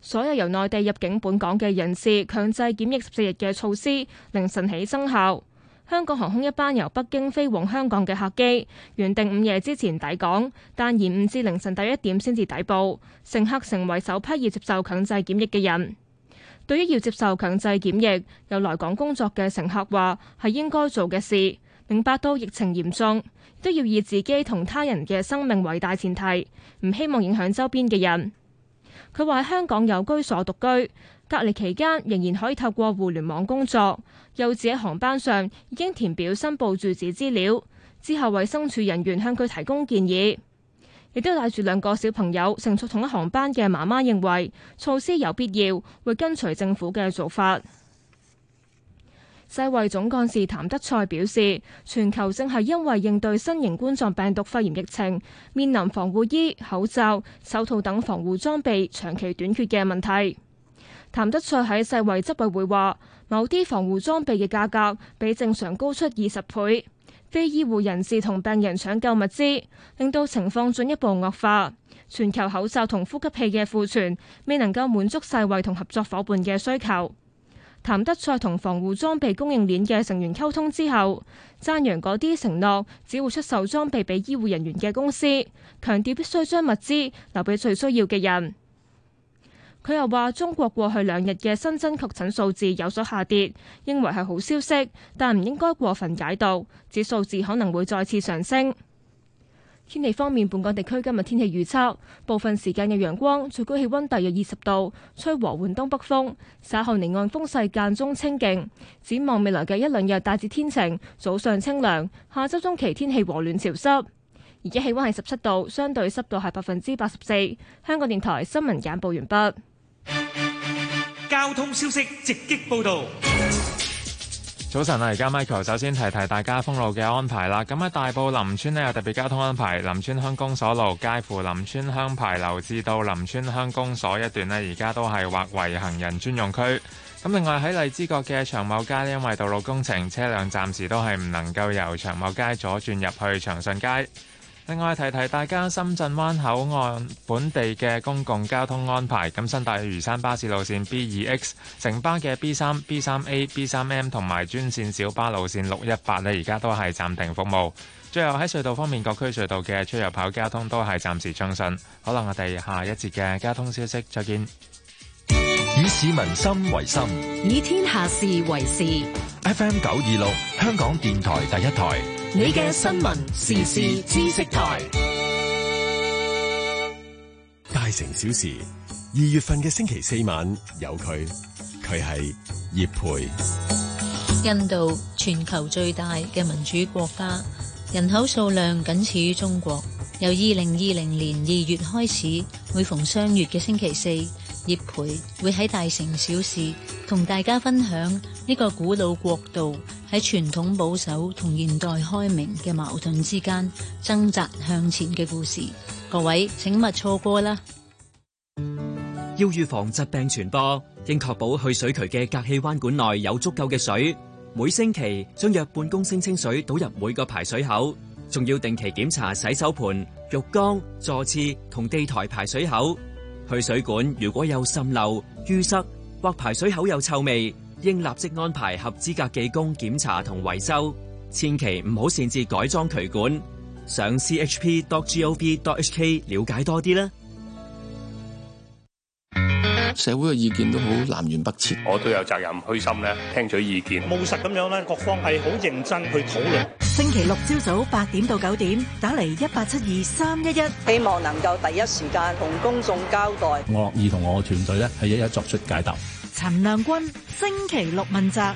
所有由內地入境本港嘅人士強制檢疫十四日嘅措施凌晨起生效。香港航空一班由北京飛往香港嘅客機原定午夜之前抵港，但延誤，至凌晨第一點先至抵埗，乘客成為首批要接受強制檢疫嘅人。對於要接受強制檢疫，有來港工作嘅乘客話係應該做嘅事。明白到疫情嚴重，都要以自己同他人嘅生命為大前提，唔希望影響周邊嘅人。佢話喺香港有居所獨居，隔離期間仍然可以透過互聯網工作。又指喺航班上已經填表申報住址資料，之後衛生署人員向佢提供建議，亦都帶住兩個小朋友乘坐同一航班嘅媽媽認為措施有必要，會跟隨政府嘅做法。世衛總幹事譚德賽表示，全球正係因為應對新型冠狀病毒肺炎疫情，面臨防護衣、口罩、手套等防護裝備長期短缺嘅問題。譚德賽喺世衛執委會話，某啲防護裝備嘅價格比正常高出二十倍，非醫護人士同病人搶救物資，令到情況進一步惡化。全球口罩同呼吸器嘅庫存未能夠滿足世衛同合作夥伴嘅需求。譚德塞同防護裝備供應鏈嘅成員溝通之後，讚揚嗰啲承諾只會出售裝備俾醫護人員嘅公司，強調必須將物資留俾最需要嘅人。佢又話：中國過去兩日嘅新增確診數字有所下跌，認為係好消息，但唔應該過分解讀，指數字可能會再次上升。天氣方面，本港地區今日天氣預測，部分時間有陽光，最高氣温大約二十度，吹和緩東北風，稍後離岸風勢間中清勁。展望未來嘅一兩日大致天晴，早上清涼，下周中期天氣和暖潮濕。而家氣温係十七度，相對濕度係百分之八十四。香港電台新聞簡報完畢。交通消息直擊報道。早晨啊，而家 Michael 首先提提大家封路嘅安排啦。咁喺大埔林村呢，有特別交通安排，林村鄉公所路介乎林村鄉牌樓至到林村鄉公所一段呢，而家都係劃為行人專用區。咁另外喺荔枝角嘅長茂街呢，因為道路工程，車輛暫時都係唔能夠由長茂街左轉入去長順街。另外提提大家，深圳灣口岸本地嘅公共交通安排，咁新大嶼山巴士路線 B 二 X 城巴嘅 B 三 B 三 A B 三 M 同埋專線小巴路線六一八咧，而家都係暫停服務。最後喺隧道方面，各區隧道嘅出入口交通都係暫時暢順。好啦，我哋下一節嘅交通消息，再見。以市民心為心，以天下事為事。FM 九二六，香港電台第一台。你嘅新聞時事知識台，大城小事。二月份嘅星期四晚有佢，佢係葉培。印度，全球最大嘅民主國家，人口數量僅次於中國。由二零二零年二月開始，每逢雙月嘅星期四。葉培會喺大城小事同大家分享呢個古老國度喺傳統保守同現代開明嘅矛盾之間掙扎向前嘅故事，各位請勿錯過啦！要預防疾病傳播，應確保去水渠嘅隔氣彎管內有足夠嘅水，每星期將約半公升清水倒入每個排水口，仲要定期檢查洗手盆、浴缸、座廁同地台排水口。去水管如果有滲漏、淤塞或排水口有臭味，應立即安排合資格技工檢查同維修，千祈唔好擅自改裝渠管。上 chp.gov.hk 了解多啲啦。社會嘅意見都好南轅北轍，我都有責任虛心咧聽取意見，務實咁樣咧各方係好認真去討論。星期六朝早八點到九點打嚟一八七二三一一，希望能夠第一時間同公眾交代，我樂意同我嘅團隊咧係一一作出解答。陳亮君，星期六問責。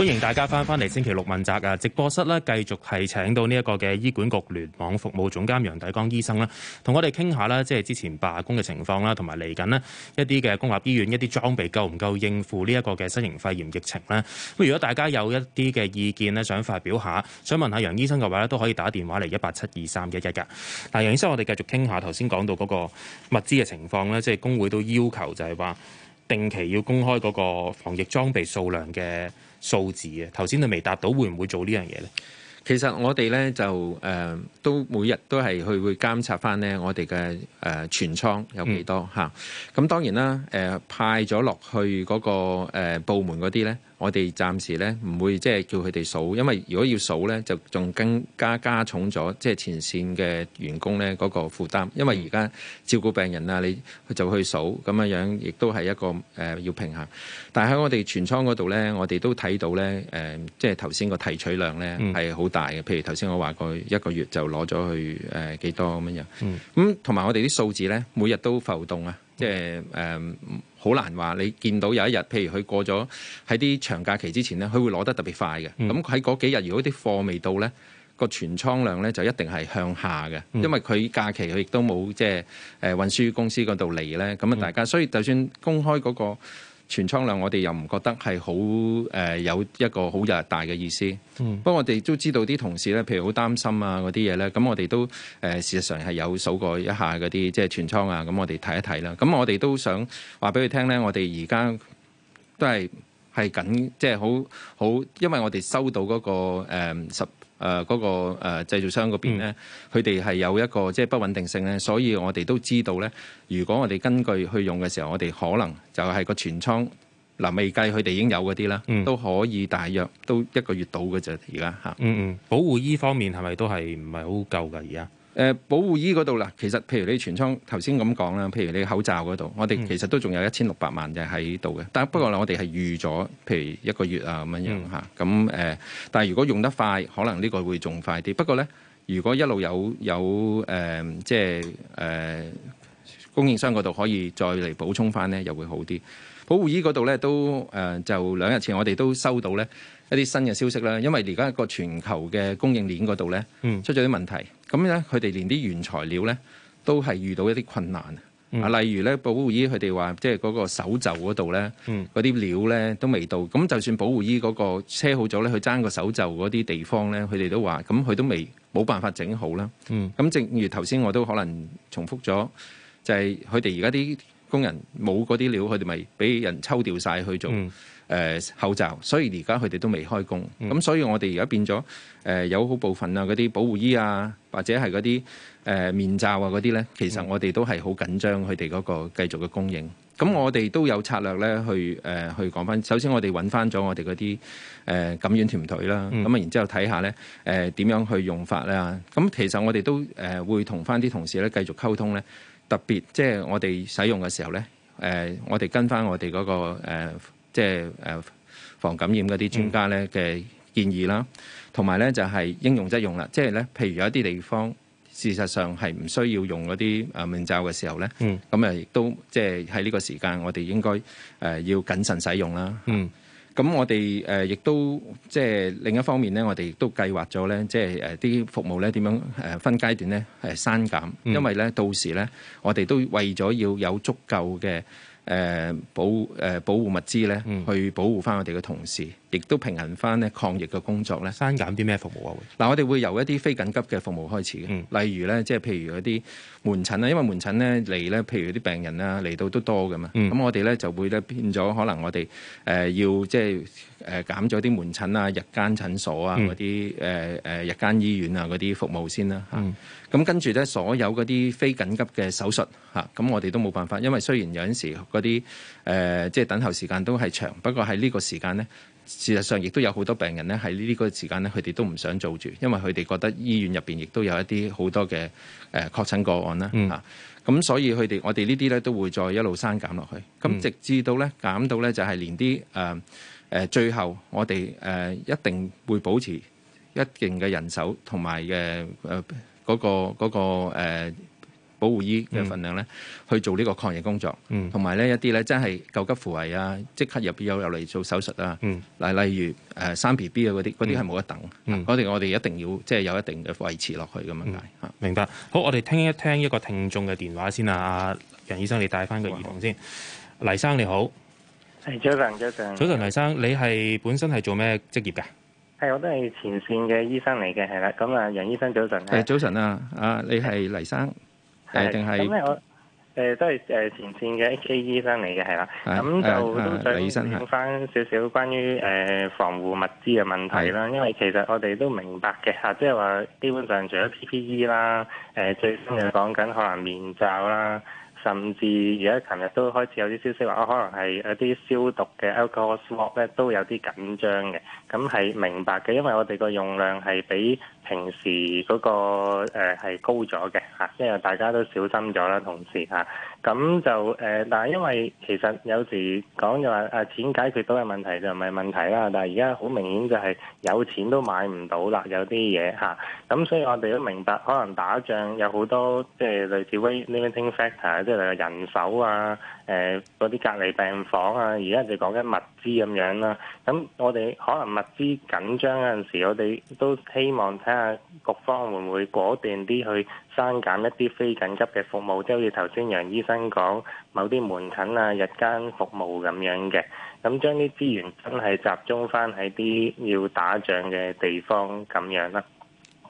歡迎大家翻返嚟星期六問責啊！直播室咧，繼續係請到呢一個嘅醫管局聯網服務總監楊諦岡醫生啦，同我哋傾下啦。即係之前罷工嘅情況啦，同埋嚟緊呢一啲嘅公立醫院一啲裝備夠唔夠應付呢一個嘅新型肺炎疫情咧。咁如果大家有一啲嘅意見呢，想發表下，想問下楊醫生嘅話咧，都可以打電話嚟一八七二三一一㗎。嗱，楊醫生我繼，我哋繼續傾下頭先講到嗰個物資嘅情況咧，即係工會都要求就係話定期要公開嗰個防疫裝備數量嘅。數字呀，頭先你未達到，會唔會做呢樣嘢咧？其實我哋咧就誒、呃、都每日都係去會監察返咧我哋嘅誒全倉有幾多嚇。咁、嗯啊、當然啦，誒、呃、派咗落去嗰、那個、呃、部門嗰啲咧。我哋暫時咧唔會即係叫佢哋數，因為如果要數咧，就仲更加加重咗即係前線嘅員工咧嗰個負擔，因為而家照顧病人啊，你就去數咁樣樣，亦都係一個誒、呃、要平衡。但係喺我哋全倉嗰度咧，我哋都睇到咧誒、呃，即係頭先個提取量咧係好大嘅。嗯、譬如頭先我話過一個月就攞咗去誒、呃、幾多咁樣樣，咁同埋我哋啲數字咧每日都浮動啊，即係誒。呃好難話，你見到有一日，譬如佢過咗喺啲長假期之前咧，佢會攞得特別快嘅。咁喺嗰幾日，如果啲貨未到咧，個存倉量咧就一定係向下嘅，因為佢假期佢亦都冇即係誒運輸公司嗰度嚟咧。咁啊，大家、嗯、所以就算公開嗰、嗰個。全倉量我哋又唔覺得係好，誒有一個好日大嘅意思，不過、嗯、我哋都知道啲同事咧，譬如好擔心啊嗰啲嘢咧，咁我哋都誒、呃、事實上係有數過一下嗰啲即係全倉啊，咁我哋睇一睇啦。咁我哋都想話俾佢聽咧，我哋而家都係係緊即係好好，因為我哋收到嗰、那個、呃、十。誒嗰、呃那個誒、呃、製造商嗰邊咧，佢哋係有一個即係、就是、不穩定性咧，所以我哋都知道咧，如果我哋根據去用嘅時候，我哋可能就係個全倉嗱、呃、未計佢哋已經有嗰啲啦，都可以大約都一個月到嘅咋而家嚇。嗯嗯，保護依方面係咪都係唔係好夠㗎而家？誒、呃、保護衣嗰度啦，其實譬如你全倉頭先咁講啦，譬如你口罩嗰度，我哋其實都仲有一千六百萬嘅喺度嘅，但、嗯、不過我哋係預咗，譬如一個月啊咁樣嚇，咁誒、嗯呃，但係如果用得快，可能呢個會仲快啲。不過呢，如果一路有有誒、呃，即係誒、呃、供應商嗰度可以再嚟補充返呢，又會好啲。保護衣嗰度呢，都誒、呃，就兩日前我哋都收到呢。一啲新嘅消息啦，因為而家個全球嘅供應鏈嗰度咧出咗啲問題，咁咧佢哋連啲原材料咧都係遇到一啲困難啊。嗯、例如咧，保護衣，佢哋話，即係嗰個手袖嗰度咧，嗰啲、嗯、料咧都未到。咁就算保護衣嗰個車好咗咧，佢爭個手袖嗰啲地方咧，佢哋都話，咁佢都未冇辦法整好啦。咁、嗯、正如頭先我都可能重複咗，就係佢哋而家啲工人冇嗰啲料，佢哋咪俾人抽掉晒去做。嗯誒、呃、口罩，所以而家佢哋都未開工。咁、嗯、所以我哋而家變咗誒、呃、有好部分啊，嗰啲保護衣啊，或者係嗰啲誒面罩啊嗰啲咧，其實我哋都係好緊張佢哋嗰個繼續嘅供應，咁我哋都有策略咧，去誒、呃、去講翻。首先我哋揾翻咗我哋嗰啲誒感染團隊啦。咁啊、嗯，然之後睇下咧誒點樣去用法咧。咁其實我哋都誒、呃、會同翻啲同事咧繼續溝通咧。特別即係我哋使用嘅時候咧，誒、呃呃呃、我哋跟翻我哋嗰、嗰個誒。呃呃呃即係誒防感染嗰啲專家咧嘅建議啦，同埋咧就係應用則用啦。即係咧，譬如有一啲地方事實上係唔需要用嗰啲誒面罩嘅時候咧，咁誒亦都即係喺呢個時間，我哋應該誒要謹慎使用啦。咁、嗯、我哋誒亦都即係另一方面咧，我哋亦都計劃咗咧，即係誒啲服務咧點樣誒分階段咧誒刪減，嗯、因為咧到時咧我哋都為咗要有足夠嘅。誒、呃，保誒、呃、保護物資咧，去保護翻我哋嘅同事。亦都平衡翻咧抗疫嘅工作咧，刪減啲咩服務啊？會嗱，我哋會由一啲非緊急嘅服務開始嘅，例如咧，即係譬如嗰啲門診啊，因為門診咧嚟咧，譬如啲病人啊嚟到都多㗎嘛，咁、嗯、我哋咧就會咧變咗，可能我哋誒、呃、要即係誒減咗啲門診啊、日間診所啊嗰啲誒誒日間醫院啊嗰啲服務先啦嚇。咁、啊嗯嗯、跟住咧，所有嗰啲非緊急嘅手術嚇，咁、啊、我哋都冇辦法，因為雖然有陣時嗰啲誒即係等候時間都係長，不過喺呢個時間咧。事實上，亦都有好多病人咧，喺呢啲個時間咧，佢哋都唔想做住，因為佢哋覺得醫院入邊亦都有一啲好多嘅誒確診個案啦嚇。咁、嗯啊、所以佢哋我哋呢啲咧都會再一路刪減落去。咁直至到咧減到咧就係連啲誒誒最後我哋誒、呃、一定會保持一定嘅人手同埋嘅誒嗰個嗰個誒。保護衣嘅份量咧，去做呢個抗疫工作，同埋咧一啲咧真係救急扶危啊，即刻入邊又入嚟做手術啊。嗱，例如誒生 B B 嘅嗰啲，嗰啲係冇得等，嗰啲我哋一定要即係有一定嘅維持落去噉樣解，嚇。明白。好，我哋聽一聽一個聽眾嘅電話先啊，楊醫生，你帶翻個耳筒先。黎生，你好，係早晨，早晨。早晨，黎生，你係本身係做咩職業㗎？係，我都係前線嘅醫生嚟嘅，係啦。咁啊，楊醫生，早晨。誒，早晨啊，啊，你係黎生。誒，定係咁咧？我誒都係誒前線嘅 HA 醫生嚟嘅，係啦。咁就都想講返少少關於誒防護物資嘅問題啦。因為其實我哋都明白嘅嚇，即係話基本上除咗 PPE 啦，誒最新嘅講緊可能面罩啦。甚至而家琴日都開始有啲消息話，啊可能係嗰啲消毒嘅 alcohol swap 咧都有啲緊張嘅。咁係明白嘅，因為我哋個用量係比平時嗰、嗰個誒係、呃、高咗嘅嚇，因為大家都小心咗啦。同時嚇咁就誒、呃，但係因為其實有時講就話啊錢解決到嘅問題就唔係問題啦。但係而家好明顯就係有錢都買唔到啦，有啲嘢嚇。咁、啊、所以我哋都明白，可能打仗有好多即係類似 rate limiting factor 即係人手啊，誒嗰啲隔離病房啊，而家就講緊物資咁樣啦。咁我哋可能物資緊張嗰陣時，我哋都希望睇下局方會唔會果斷啲去刪減一啲非緊急嘅服務，即好似頭先楊醫生講某啲門診啊、日間服務咁樣嘅，咁將啲資源真係集中翻喺啲要打仗嘅地方咁樣啦。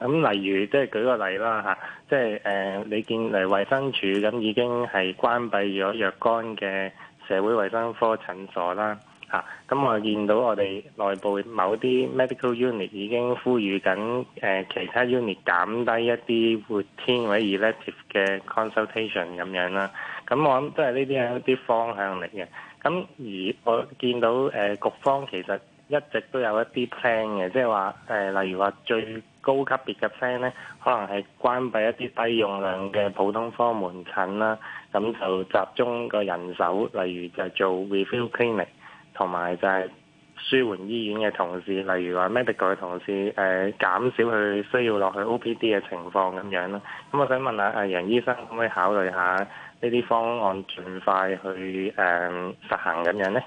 咁例如，即係舉個例啦吓，即係誒、呃、你見嚟衞生署咁已經係關閉咗若干嘅社會衞生科診所啦吓，咁、啊嗯、我見到我哋內部某啲 medical unit 已經呼籲緊誒、呃、其他 unit 減低一啲 routine 或者 elective 嘅 consultation 咁樣啦，咁、嗯、我諗都係呢啲係一啲方向嚟嘅。咁、嗯、而我見到誒、呃、局方其實，一直都有一啲 plan 嘅，即係話誒，例如話最高級別嘅 plan 咧，可能係關閉一啲低用量嘅普通科門診啦，咁就集中個人手，例如就做 refill clinic，同埋就係舒緩醫院嘅同事，例如話 medical 嘅同事誒、呃，減少佢需要落去 OPD 嘅情況咁樣啦，咁我想問下阿楊醫生，可唔可以考慮下呢啲方案，盡快去誒、呃、實行咁樣咧？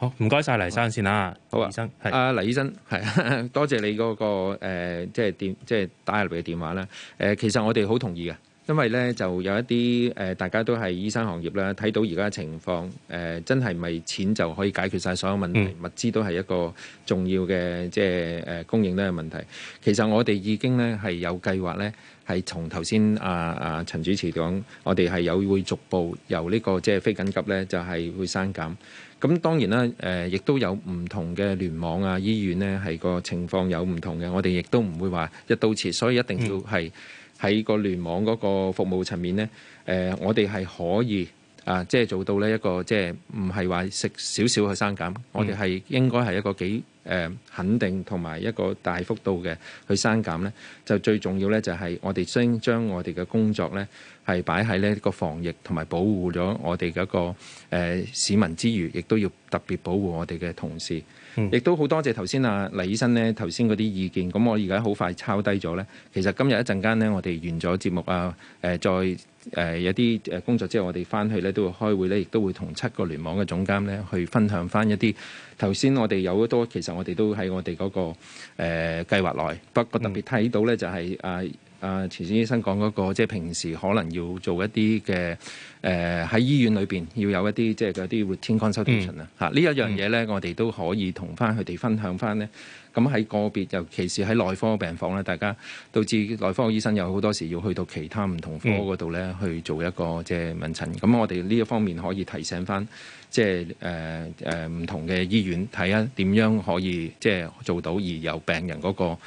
好，唔該晒黎生先啦。好啊，醫生。阿、啊、黎醫生係多謝你嗰、那個、呃、即係電即係打入嚟嘅電話啦。誒、呃，其實我哋好同意嘅，因為咧就有一啲誒、呃，大家都係醫生行業啦，睇到而家嘅情況誒、呃，真係咪錢就可以解決晒所有問題？嗯、物資都係一個重要嘅，即係誒供應咧嘅問題。其實我哋已經咧係有計劃咧，係從頭先阿阿陳主持講，我哋係有會逐步由呢、這個即係非緊急咧，就係、是、會刪減。咁當然啦，誒亦都有唔同嘅聯網啊，醫院呢係個情況有唔同嘅，我哋亦都唔會話一刀切，所以一定要係喺個聯網嗰個服務層面呢。誒我哋係可以。啊，即係做到呢一個即係唔係話食少少去刪減，嗯、我哋係應該係一個幾誒、呃、肯定同埋一個大幅度嘅去刪減呢。就最重要呢，就係、是、我哋將將我哋嘅工作呢，係擺喺呢個防疫同埋保護咗我哋嗰個、呃、市民之餘，亦都要特別保護我哋嘅同事。嗯、亦都好多謝頭先啊黎醫生呢頭先嗰啲意見，咁我而家好快抄低咗呢。其實今日一陣間呢，我哋完咗節目啊，誒、呃、再誒、呃、有啲誒工作之後，我哋翻去呢都會開會呢亦都會同七個聯網嘅總監呢去分享翻一啲頭先我哋有好多，其實我哋都喺我哋嗰、嗰個誒、呃、計劃內，不過特別睇到呢、就係，就係啊。啊，慈善醫生講嗰、那個即係平時可能要做一啲嘅誒，喺、呃、醫院裏邊要有一啲即係嗰啲 patient consultation 呢一樣嘢咧，我哋都可以同翻佢哋分享翻咧。咁喺、嗯、個別，尤其是喺內科病房咧，大家都知內科醫生有好多時要去到其他唔同科嗰度咧去做一個即係問診。咁我哋呢一方面可以提醒翻，即係誒誒唔同嘅醫院睇下點樣可以即係做到而有病人嗰、那個。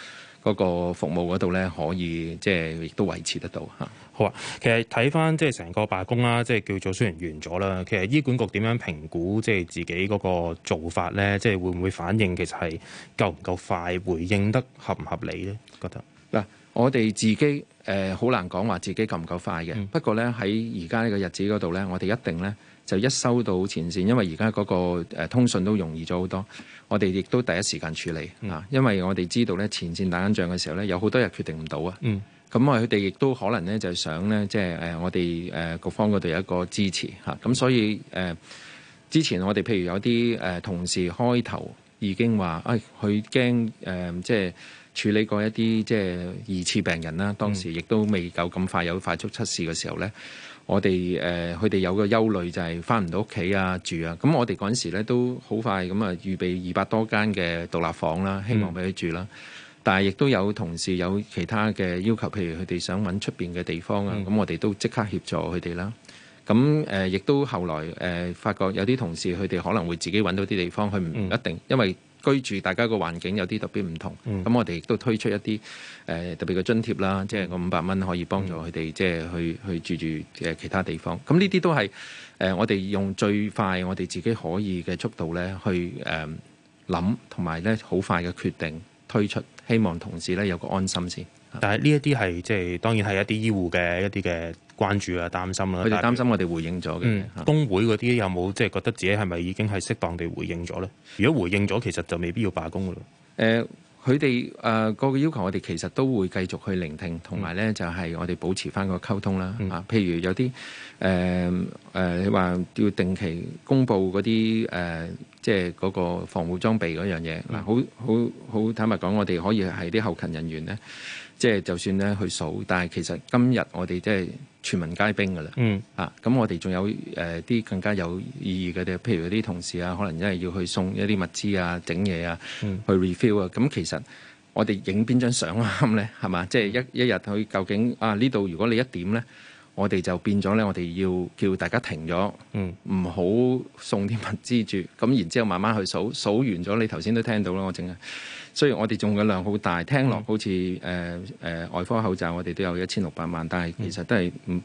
嗰個服務嗰度咧，可以即係亦都維持得到嚇。好啊，其實睇返即係成個罷工啦，即係叫做雖然完咗啦。其實醫管局點樣評估即係自己嗰個做法咧，即係會唔會反應其實係夠唔夠快，回應得合唔合理咧？覺得嗱，我哋自己誒好、呃、難講話自己夠唔夠快嘅。嗯、不過咧，喺而家呢個日子嗰度咧，我哋一定咧。就一收到前線，因為而家嗰個通訊都容易咗好多，我哋亦都第一時間處理嗱，嗯、因為我哋知道咧前線打緊仗嘅時候咧，有好多日決定唔到啊。嗯，咁我哋亦都可能咧就係想咧，即係誒我哋誒局方嗰度有一個支持嚇，咁、嗯、所以誒、呃、之前我哋譬如有啲誒、呃、同事開頭已經話誒佢驚誒即係處理過一啲即係疑似病人啦，當時亦都未夠咁快有快速測試嘅時候咧。我哋誒佢哋有個憂慮就係返唔到屋企啊住啊，咁我哋嗰陣時咧都好快咁啊預備二百多間嘅獨立房啦、啊，希望俾佢住啦、啊。但係亦都有同事有其他嘅要求，譬如佢哋想揾出面嘅地方啊，咁我哋都即刻協助佢哋啦。咁誒亦都後來誒、呃、發覺有啲同事佢哋可能會自己揾到啲地方，佢唔一定，因為。居住大家個環境有啲特別唔同，咁、嗯、我哋亦都推出一啲誒、呃、特別嘅津貼啦，即係五百蚊可以幫助佢哋、嗯、即係去去住住誒其他地方。咁呢啲都係誒、呃、我哋用最快我哋自己可以嘅速度咧去誒諗，同埋咧好快嘅決定推出，希望同事咧有個安心先。但係呢一啲係即係當然係一啲醫護嘅一啲嘅。關注啊，擔心啦。佢哋擔心，我哋回應咗嘅。工、嗯嗯、會嗰啲有冇即係覺得自己係咪已經係適當地回應咗咧？如果回應咗，其實就未必要罷工咯。誒、呃，佢哋誒個要求，我哋其實都會繼續去聆聽，同埋咧就係、是、我哋保持翻個溝通啦。啊，譬如有啲誒誒話要定期公布嗰啲誒，即係嗰個防護裝備嗰樣嘢。嗱、嗯，好好好坦白講，我哋可以係啲後勤人員咧，即、就、係、是、就算咧去數，但係其實今日我哋即係。全民皆兵嘅啦，嗯、啊，咁我哋仲有誒啲、呃、更加有意義嘅譬如有啲同事啊，可能真係要去送一啲物資啊、整嘢啊，嗯、去 refill 啊。咁其實我哋影邊張相啊？咁咧，係嘛？即係一一日去究竟啊呢度，如果你一點咧，我哋就變咗咧，我哋要叫大家停咗，唔好、嗯、送啲物資住。咁然之後慢慢去數，數完咗，你頭先都聽到啦，我整嘅。雖然我哋用嘅量好大，聽落好似誒誒外科口罩，我哋都有一千六百萬，但係其實都係嗯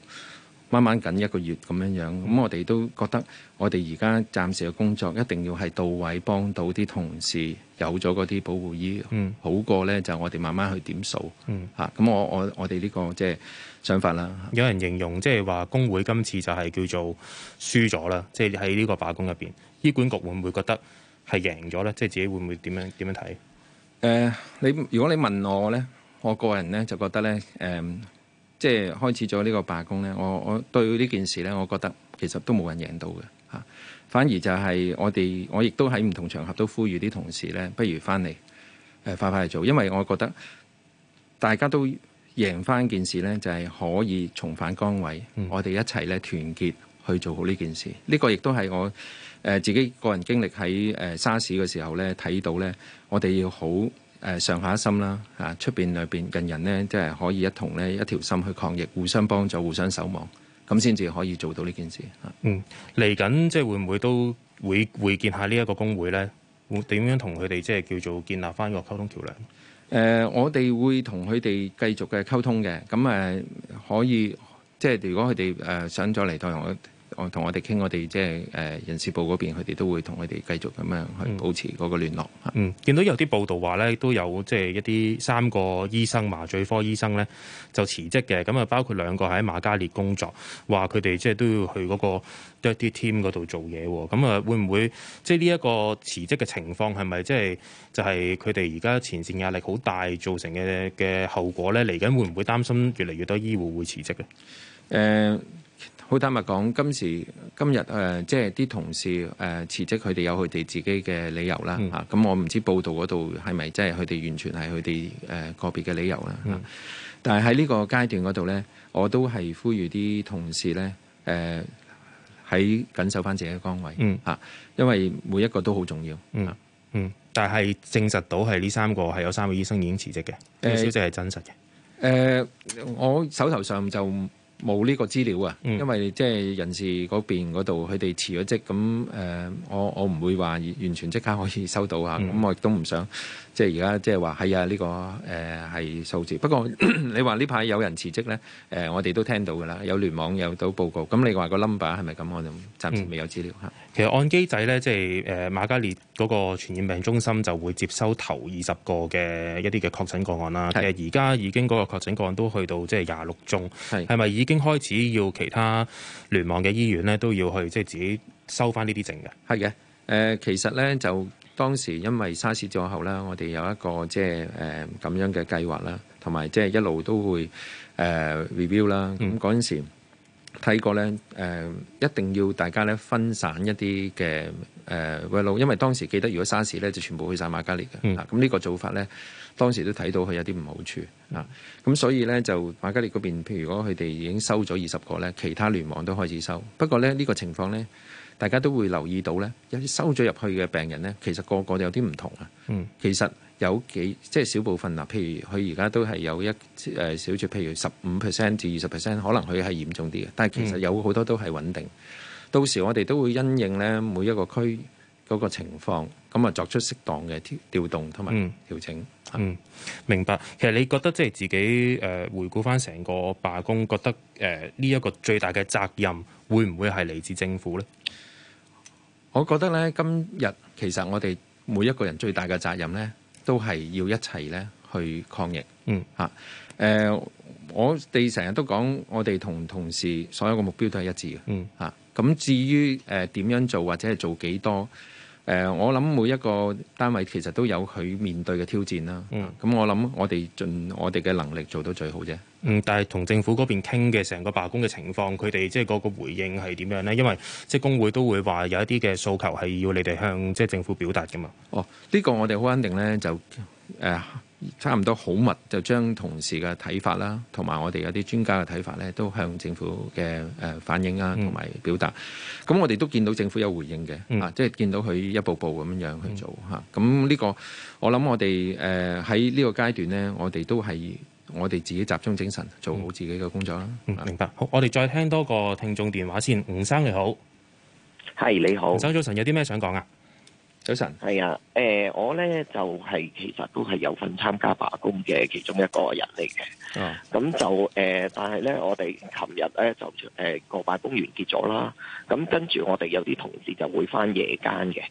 慢慢緊一個月咁樣樣。咁、嗯、我哋都覺得我哋而家暫時嘅工作一定要係到位，幫到啲同事有咗嗰啲保護衣，好過咧、嗯、就我哋慢慢去點數嚇。咁、嗯啊、我我我哋呢個即係想法啦。有人形容即係話工會今次就係叫做輸咗啦，即係喺呢個罷工入邊，醫管局會唔會覺得係贏咗咧？即係自己會唔會點樣點樣睇？誒，你如果你問我呢，我個人呢，就覺得呢，誒、嗯，即係開始咗呢個罷工呢。我我對呢件事呢，我覺得其實都冇人贏到嘅嚇，反而就係我哋，我亦都喺唔同場合都呼籲啲同事呢，不如翻嚟快快去做，因為我覺得大家都贏翻件事呢，就係可以重返崗位，嗯、我哋一齊咧團結去做好呢件事，呢、這個亦都係我。誒、呃、自己個人經歷喺誒、呃、沙士嘅時候咧，睇到咧，我哋要好誒、呃、上下一心啦嚇，出邊裏邊近人咧，即係可以一同咧一條心去抗疫，互相幫助，互相守望，咁先至可以做到呢件事嚇。啊、嗯，嚟緊即係會唔會都會會見下呢一個工會咧？會點樣同佢哋即係叫做建立翻一個溝通橋梁？誒、呃，我哋會同佢哋繼續嘅溝通嘅，咁誒、呃、可以即係如果佢哋誒想再嚟同我。同我哋傾，我哋即係誒人事部嗰邊，佢哋都會同佢哋繼續咁樣去保持嗰個聯絡。嗯，見到有啲報道話咧，都有即係一啲三個醫生麻醉科醫生咧就辭職嘅。咁啊，包括兩個喺瑪嘉烈工作，話佢哋即係都要去嗰個 Dirty Team 嗰度做嘢喎。咁啊，會唔會即係呢一個辭職嘅情況係咪即係就係佢哋而家前線壓力好大造成嘅嘅後果咧？嚟緊會唔會擔心越嚟越多醫護會辭職咧？誒、嗯。好坦白講，今時今日誒、呃，即係啲同事誒、呃、辭職，佢哋有佢哋自己嘅理由啦嚇。咁我唔知報道嗰度係咪即係佢哋完全係佢哋誒個別嘅理由啦。但係喺呢個階段嗰度咧，我都係呼籲啲同事咧誒，喺、呃、緊守翻自己嘅崗位嚇、嗯啊，因為每一個都好重要。嗯嗯，但係證實到係呢三個係有三個醫生已經辭職嘅，呢個消息係真實嘅。誒、呃呃，我手頭上就，冇呢個資料啊，因為即係人事嗰邊嗰度，佢哋辭咗職，咁誒、呃，我我唔會話完全即刻可以收到啊，咁我亦都唔想。即係而家，即係話係啊！呢、呢個誒係、呃、數字。不過 你話呢排有人辭職咧，誒、呃、我哋都聽到噶啦，有聯網有到報告。咁你話個 number 係咪咁？我就暫時未有資料嚇。嗯、其實按機制咧，即係誒瑪嘉烈嗰個傳染病中心就會接收頭二十個嘅一啲嘅確診個案啦。的其實誒而家已經嗰個確診個案都去到即係廿六宗。係咪已經開始要其他聯網嘅醫院咧都要去即係自己收翻呢啲症嘅？係嘅。誒、呃、其實咧就。當時因為沙士之後啦，我哋有一個即係誒咁樣嘅計劃啦，同埋即係一路都會誒、呃、review 啦、嗯。咁嗰陣時睇過咧，誒、呃、一定要大家咧分散一啲嘅誒 route 因為當時記得如果沙士咧就全部去晒瑪嘉烈嘅。嗯、啊，咁、這、呢個做法咧，當時都睇到佢有啲唔好處啊。咁、啊、所以咧就瑪嘉烈嗰邊，譬如果佢哋已經收咗二十個咧，其他聯網都開始收。不過咧呢、這個情況咧。大家都會留意到呢，有啲收咗入去嘅病人呢，其實個個有啲唔同啊。嗯、其實有幾即係少部分啦，譬如佢而家都係有一誒少少，譬如十五至二十 percent，可能佢係嚴重啲嘅。但係其實有好多都係穩定。嗯、到時我哋都會因應呢，每一個區嗰個情況咁啊，就作出適當嘅調調動同埋調整。嗯，嗯是明白。其實你覺得即係自己誒、呃、回顧返成個罷工，覺得誒呢一個最大嘅責任會唔會係嚟自政府呢？我覺得咧，今日其實我哋每一個人最大嘅責任咧，都係要一齊咧去抗疫。嗯嚇，誒我哋成日都講，我哋同同事所有嘅目標都係一致嘅。嗯嚇、啊，咁至於誒呃、點樣做或者係做幾多？誒、呃，我諗每一個單位其實都有佢面對嘅挑戰啦。咁、嗯、我諗我哋盡我哋嘅能力做到最好啫。嗯，但係同政府嗰邊傾嘅成個罷工嘅情況，佢哋即係個個回應係點樣咧？因為即係工會都會話有一啲嘅訴求係要你哋向即係政府表達㗎嘛。哦、呢、這個我哋好肯定咧，就誒。呃差唔多好密，就將同事嘅睇法啦，同埋我哋有啲專家嘅睇法咧，都向政府嘅誒反映啦，同埋表達。咁、嗯、我哋都見到政府有回應嘅，啊、嗯，即係見到佢一步步咁樣去做嚇。咁呢、嗯呢個我諗我哋誒喺呢個階段咧，我哋都係我哋自己集中精神做好自己嘅工作啦、嗯嗯。明白。好，我哋再聽多個聽眾電話先。吳生你好，係你好。周早晨有啲咩想講啊？早晨，係啊，誒，我咧就係其實都係有份參加罷工嘅其中一個人嚟嘅，咁就誒，但係咧我哋琴日咧就誒個罷工完結咗啦，咁跟住我哋有啲同事就會翻夜間嘅，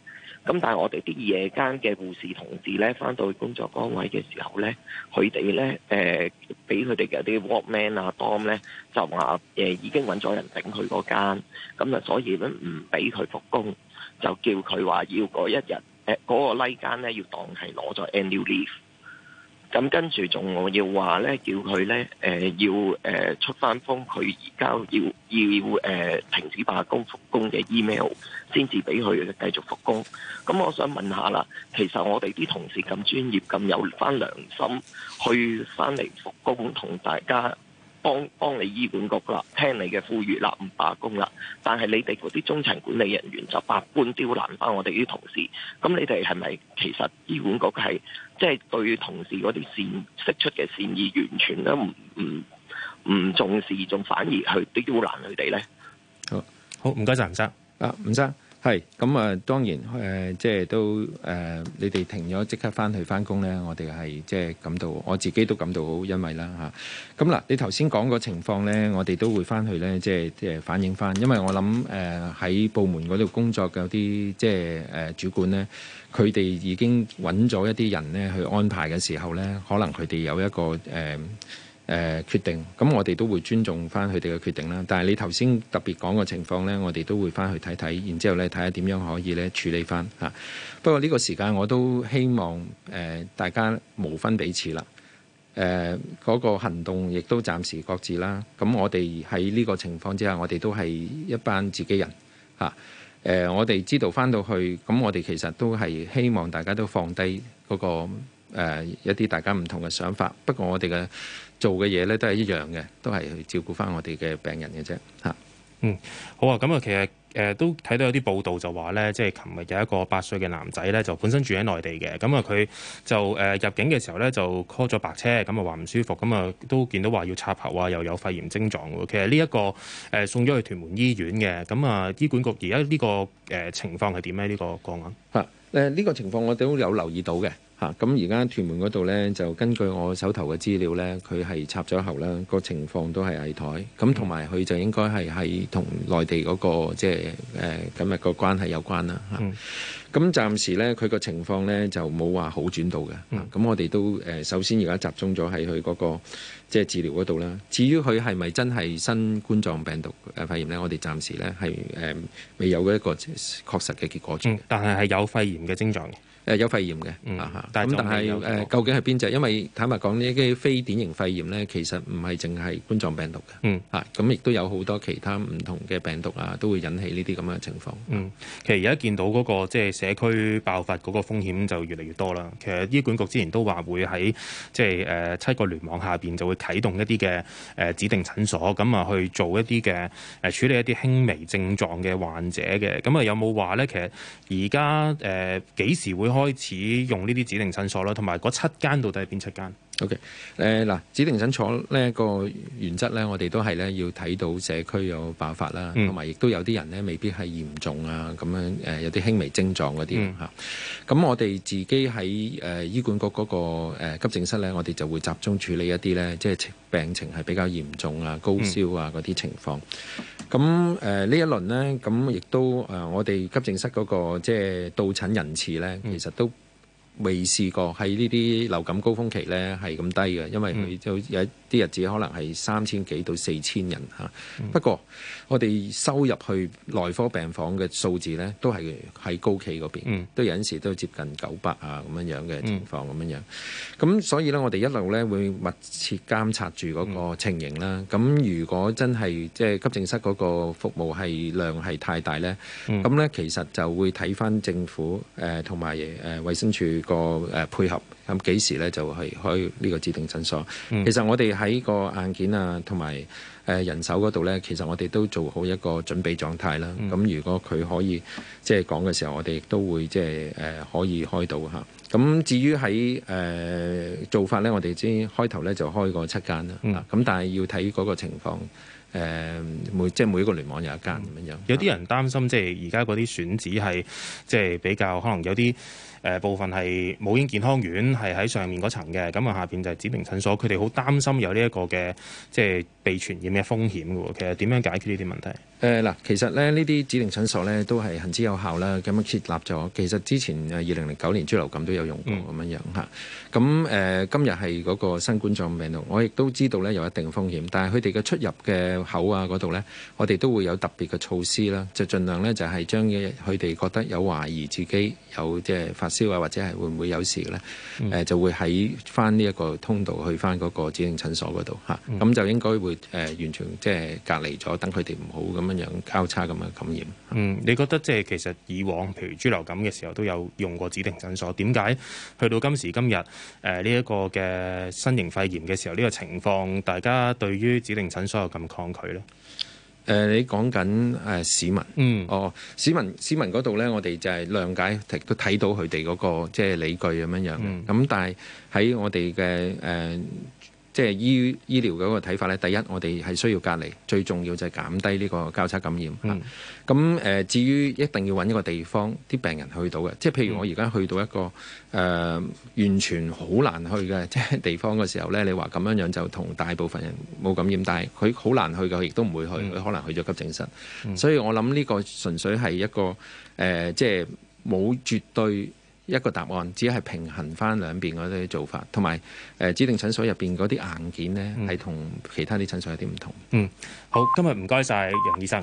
咁但係我哋啲夜間嘅護士同事咧翻到工作崗位嘅時候咧，佢哋咧誒俾佢哋嘅啲 workman 啊 DOM 咧就話誒已經揾咗人頂佢嗰間，咁啊所以咧唔俾佢復工。就叫佢話要嗰一日，誒嗰個 lay 間咧要當係攞咗 annual leave，咁跟住仲我要話咧，叫佢咧誒要誒出翻封佢而家要要誒停止罷工復工嘅 email，先至俾佢繼續復工。咁我想問下啦，其實我哋啲同事咁專業、咁有翻良心，去翻嚟復工同大家。幫幫你醫管局啦，聽你嘅呼籲啦，唔罷工啦。但係你哋嗰啲中層管理人員就百般刁難返我哋啲同事。咁你哋係咪其實醫管局係即係對同事嗰啲善釋出嘅善意完全都唔唔唔重視，仲，反而去刁難佢哋咧？好，好唔該晒，吳生啊，吳生。係咁啊！當然誒、呃，即係都誒，你哋停咗即刻翻去翻工咧。我哋係即係感到我自己都感到好欣慰啦嚇。咁嗱、啊，你頭先講個情況咧，我哋都會翻去咧，即係即係反映翻，因為我諗誒喺部門嗰度工作嘅啲即係誒、呃、主管咧，佢哋已經揾咗一啲人咧去安排嘅時候咧，可能佢哋有一個誒。呃誒、呃、決定咁，我哋都會尊重翻佢哋嘅決定啦。但係你頭先特別講嘅情況呢，我哋都會翻去睇睇，然之後呢睇下點樣可以呢處理翻嚇、啊。不過呢個時間我都希望、呃、大家無分彼此啦。誒、啊、嗰、嗰個行動亦都暫時擱置啦。咁、啊、我哋喺呢個情況之下，我哋都係一班自己人嚇、啊呃。我哋知道翻到去咁，我哋其實都係希望大家都放低嗰、嗰個、呃、一啲大家唔同嘅想法。不過我哋嘅。做嘅嘢咧都係一樣嘅，都係去照顧翻我哋嘅病人嘅啫嚇。嗯，好啊，咁啊，其實誒、呃、都睇到有啲報道就話咧，即係琴日有一個八歲嘅男仔咧，就本身住喺內地嘅，咁啊佢就誒、呃、入境嘅時候咧就 call 咗白車，咁啊話唔舒服，咁、嗯、啊都見到話要插喉啊，又有肺炎症狀喎。其實呢、這、一個誒、呃、送咗去屯門醫院嘅，咁、嗯、啊醫管局而家呢個誒、呃、情況係點咧？呢、這個個案嚇，誒呢個情況我哋都有留意到嘅。嚇！咁而家屯門嗰度咧，就根據我手頭嘅資料咧，佢係插咗喉啦，個情況都係危殆。咁同埋佢就應該係係同內地嗰、那個即係誒今日個關係有關啦。嚇、啊！咁、嗯、暫時咧，佢個情況咧就冇話好轉到嘅。咁、啊嗯、我哋都誒、呃，首先而家集中咗喺佢嗰個即係、就是、治療嗰度啦。至於佢係咪真係新冠狀病毒誒肺炎咧？我哋暫時咧係誒未有一個即係確實嘅結果、嗯。但係係有，有肺炎嘅症狀誒、嗯、有肺炎嘅，啊嚇，咁、嗯、但係誒究竟係邊隻？因為坦白講呢啲非典型肺炎咧，其實唔係淨係冠狀病毒嘅，嗯，係咁亦都有好多其他唔同嘅病毒啊，都會引起呢啲咁嘅情況。嗯，其實而家見到嗰、那個即係、就是、社區爆發嗰個風險就越嚟越多啦。其實醫管局之前都話會喺即係誒七個聯網下邊就會啟動一啲嘅誒指定診所，咁啊去做一啲嘅誒處理一啲輕微症狀嘅患者嘅。咁啊有冇話咧？其實而家誒幾時會開？開始用呢啲指定診所啦，同埋嗰七間到底係邊七間？OK，誒嗱，指定診所呢個原則呢，我哋都係呢要睇到社區有爆發啦，同埋亦都有啲人呢未必係嚴重啊，咁樣誒有啲輕微症狀嗰啲嚇。咁、嗯、我哋自己喺誒醫管局嗰個誒急症室呢，我哋就會集中處理一啲呢，即係病情係比較嚴重啊、高燒啊嗰啲情況。嗯咁誒呢一輪呢，咁亦都誒、呃、我哋急症室嗰、嗰個即係到診人次呢，其實都未試過喺呢啲流感高峰期呢係咁低嘅，因為佢就有啲日子可能係三千幾到四千人吓，嗯、不過我哋收入去內科病房嘅數字呢，都係喺高企嗰邊，都、嗯、有陣時都接近九百啊咁樣樣嘅情況咁樣樣。咁、嗯、所以呢，我哋一路呢會密切監察住嗰個情形啦。咁、嗯、如果真係即係急症室嗰個服務係量係太大呢，咁呢、嗯、其實就會睇返政府誒同埋誒衛生署個誒配合。咁幾時咧就係開呢個指定診所？嗯、其實我哋喺個硬件啊，同埋誒人手嗰度咧，其實我哋都做好一個準備狀態啦。咁、嗯、如果佢可以即係講嘅時候，我哋都會即係誒可以開到嚇。咁至於喺誒、呃、做法咧，我哋先開頭咧就開個七間啦。咁、嗯、但係要睇嗰個情況。誒每即係每一個聯網有一間咁樣樣，有啲人擔心即係而家嗰啲選址係即係比較可能有啲誒、呃、部分係母嬰健康院係喺上面嗰層嘅，咁啊下邊就係指定診所，佢哋好擔心有呢一個嘅即係被傳染嘅風險喎。其實點樣解決呢啲問題？誒嗱、呃，其實咧呢啲指定診所咧都係行之有效啦，咁樣設立咗。其實之前誒二零零九年豬流感都有用過咁、嗯、樣樣嚇。咁、啊、誒今日係嗰個新冠狀病毒，我亦都知道咧有一定風險，但係佢哋嘅出入嘅口啊嗰度咧，我哋都會有特別嘅措施啦，就盡量咧就係、是、將佢哋覺得有懷疑自己有即係發燒啊，或者係會唔會有事嘅咧，誒、嗯呃、就會喺翻呢一個通道去翻嗰個指定診所嗰度嚇，咁、啊、就應該會誒完全即係隔離咗，等佢哋唔好咁。咁樣交叉咁樣感染。嗯，你覺得即係其實以往，譬如豬流感嘅時候都有用過指定診所。點解去到今時今日，誒呢一個嘅新型肺炎嘅時候，呢、這個情況，大家對於指定診所有咁抗拒咧？誒、呃，你講緊誒市民，嗯，哦，市民，市民嗰度咧，我哋就係諒解，都睇到佢哋嗰個即係、就是、理據咁樣樣咁、嗯、但係喺我哋嘅誒。呃即係醫醫療嗰個睇法咧，第一我哋係需要隔離，最重要就係減低呢個交叉感染。咁誒、嗯啊，至於一定要揾一個地方啲病人去到嘅，即係譬如我而家去到一個誒、呃、完全好難去嘅即係地方嘅時候呢，你話咁樣樣就同大部分人冇感染，但係佢好難去嘅，佢亦都唔會去，佢、嗯、可能去咗急症室。嗯、所以我諗呢個純粹係一個誒、呃，即係冇絕對。一個答案只係平衡翻兩邊嗰啲做法，同埋誒指定診所入邊嗰啲硬件咧，係同、嗯、其他啲診所有啲唔同。嗯，好，今日唔該晒楊醫生。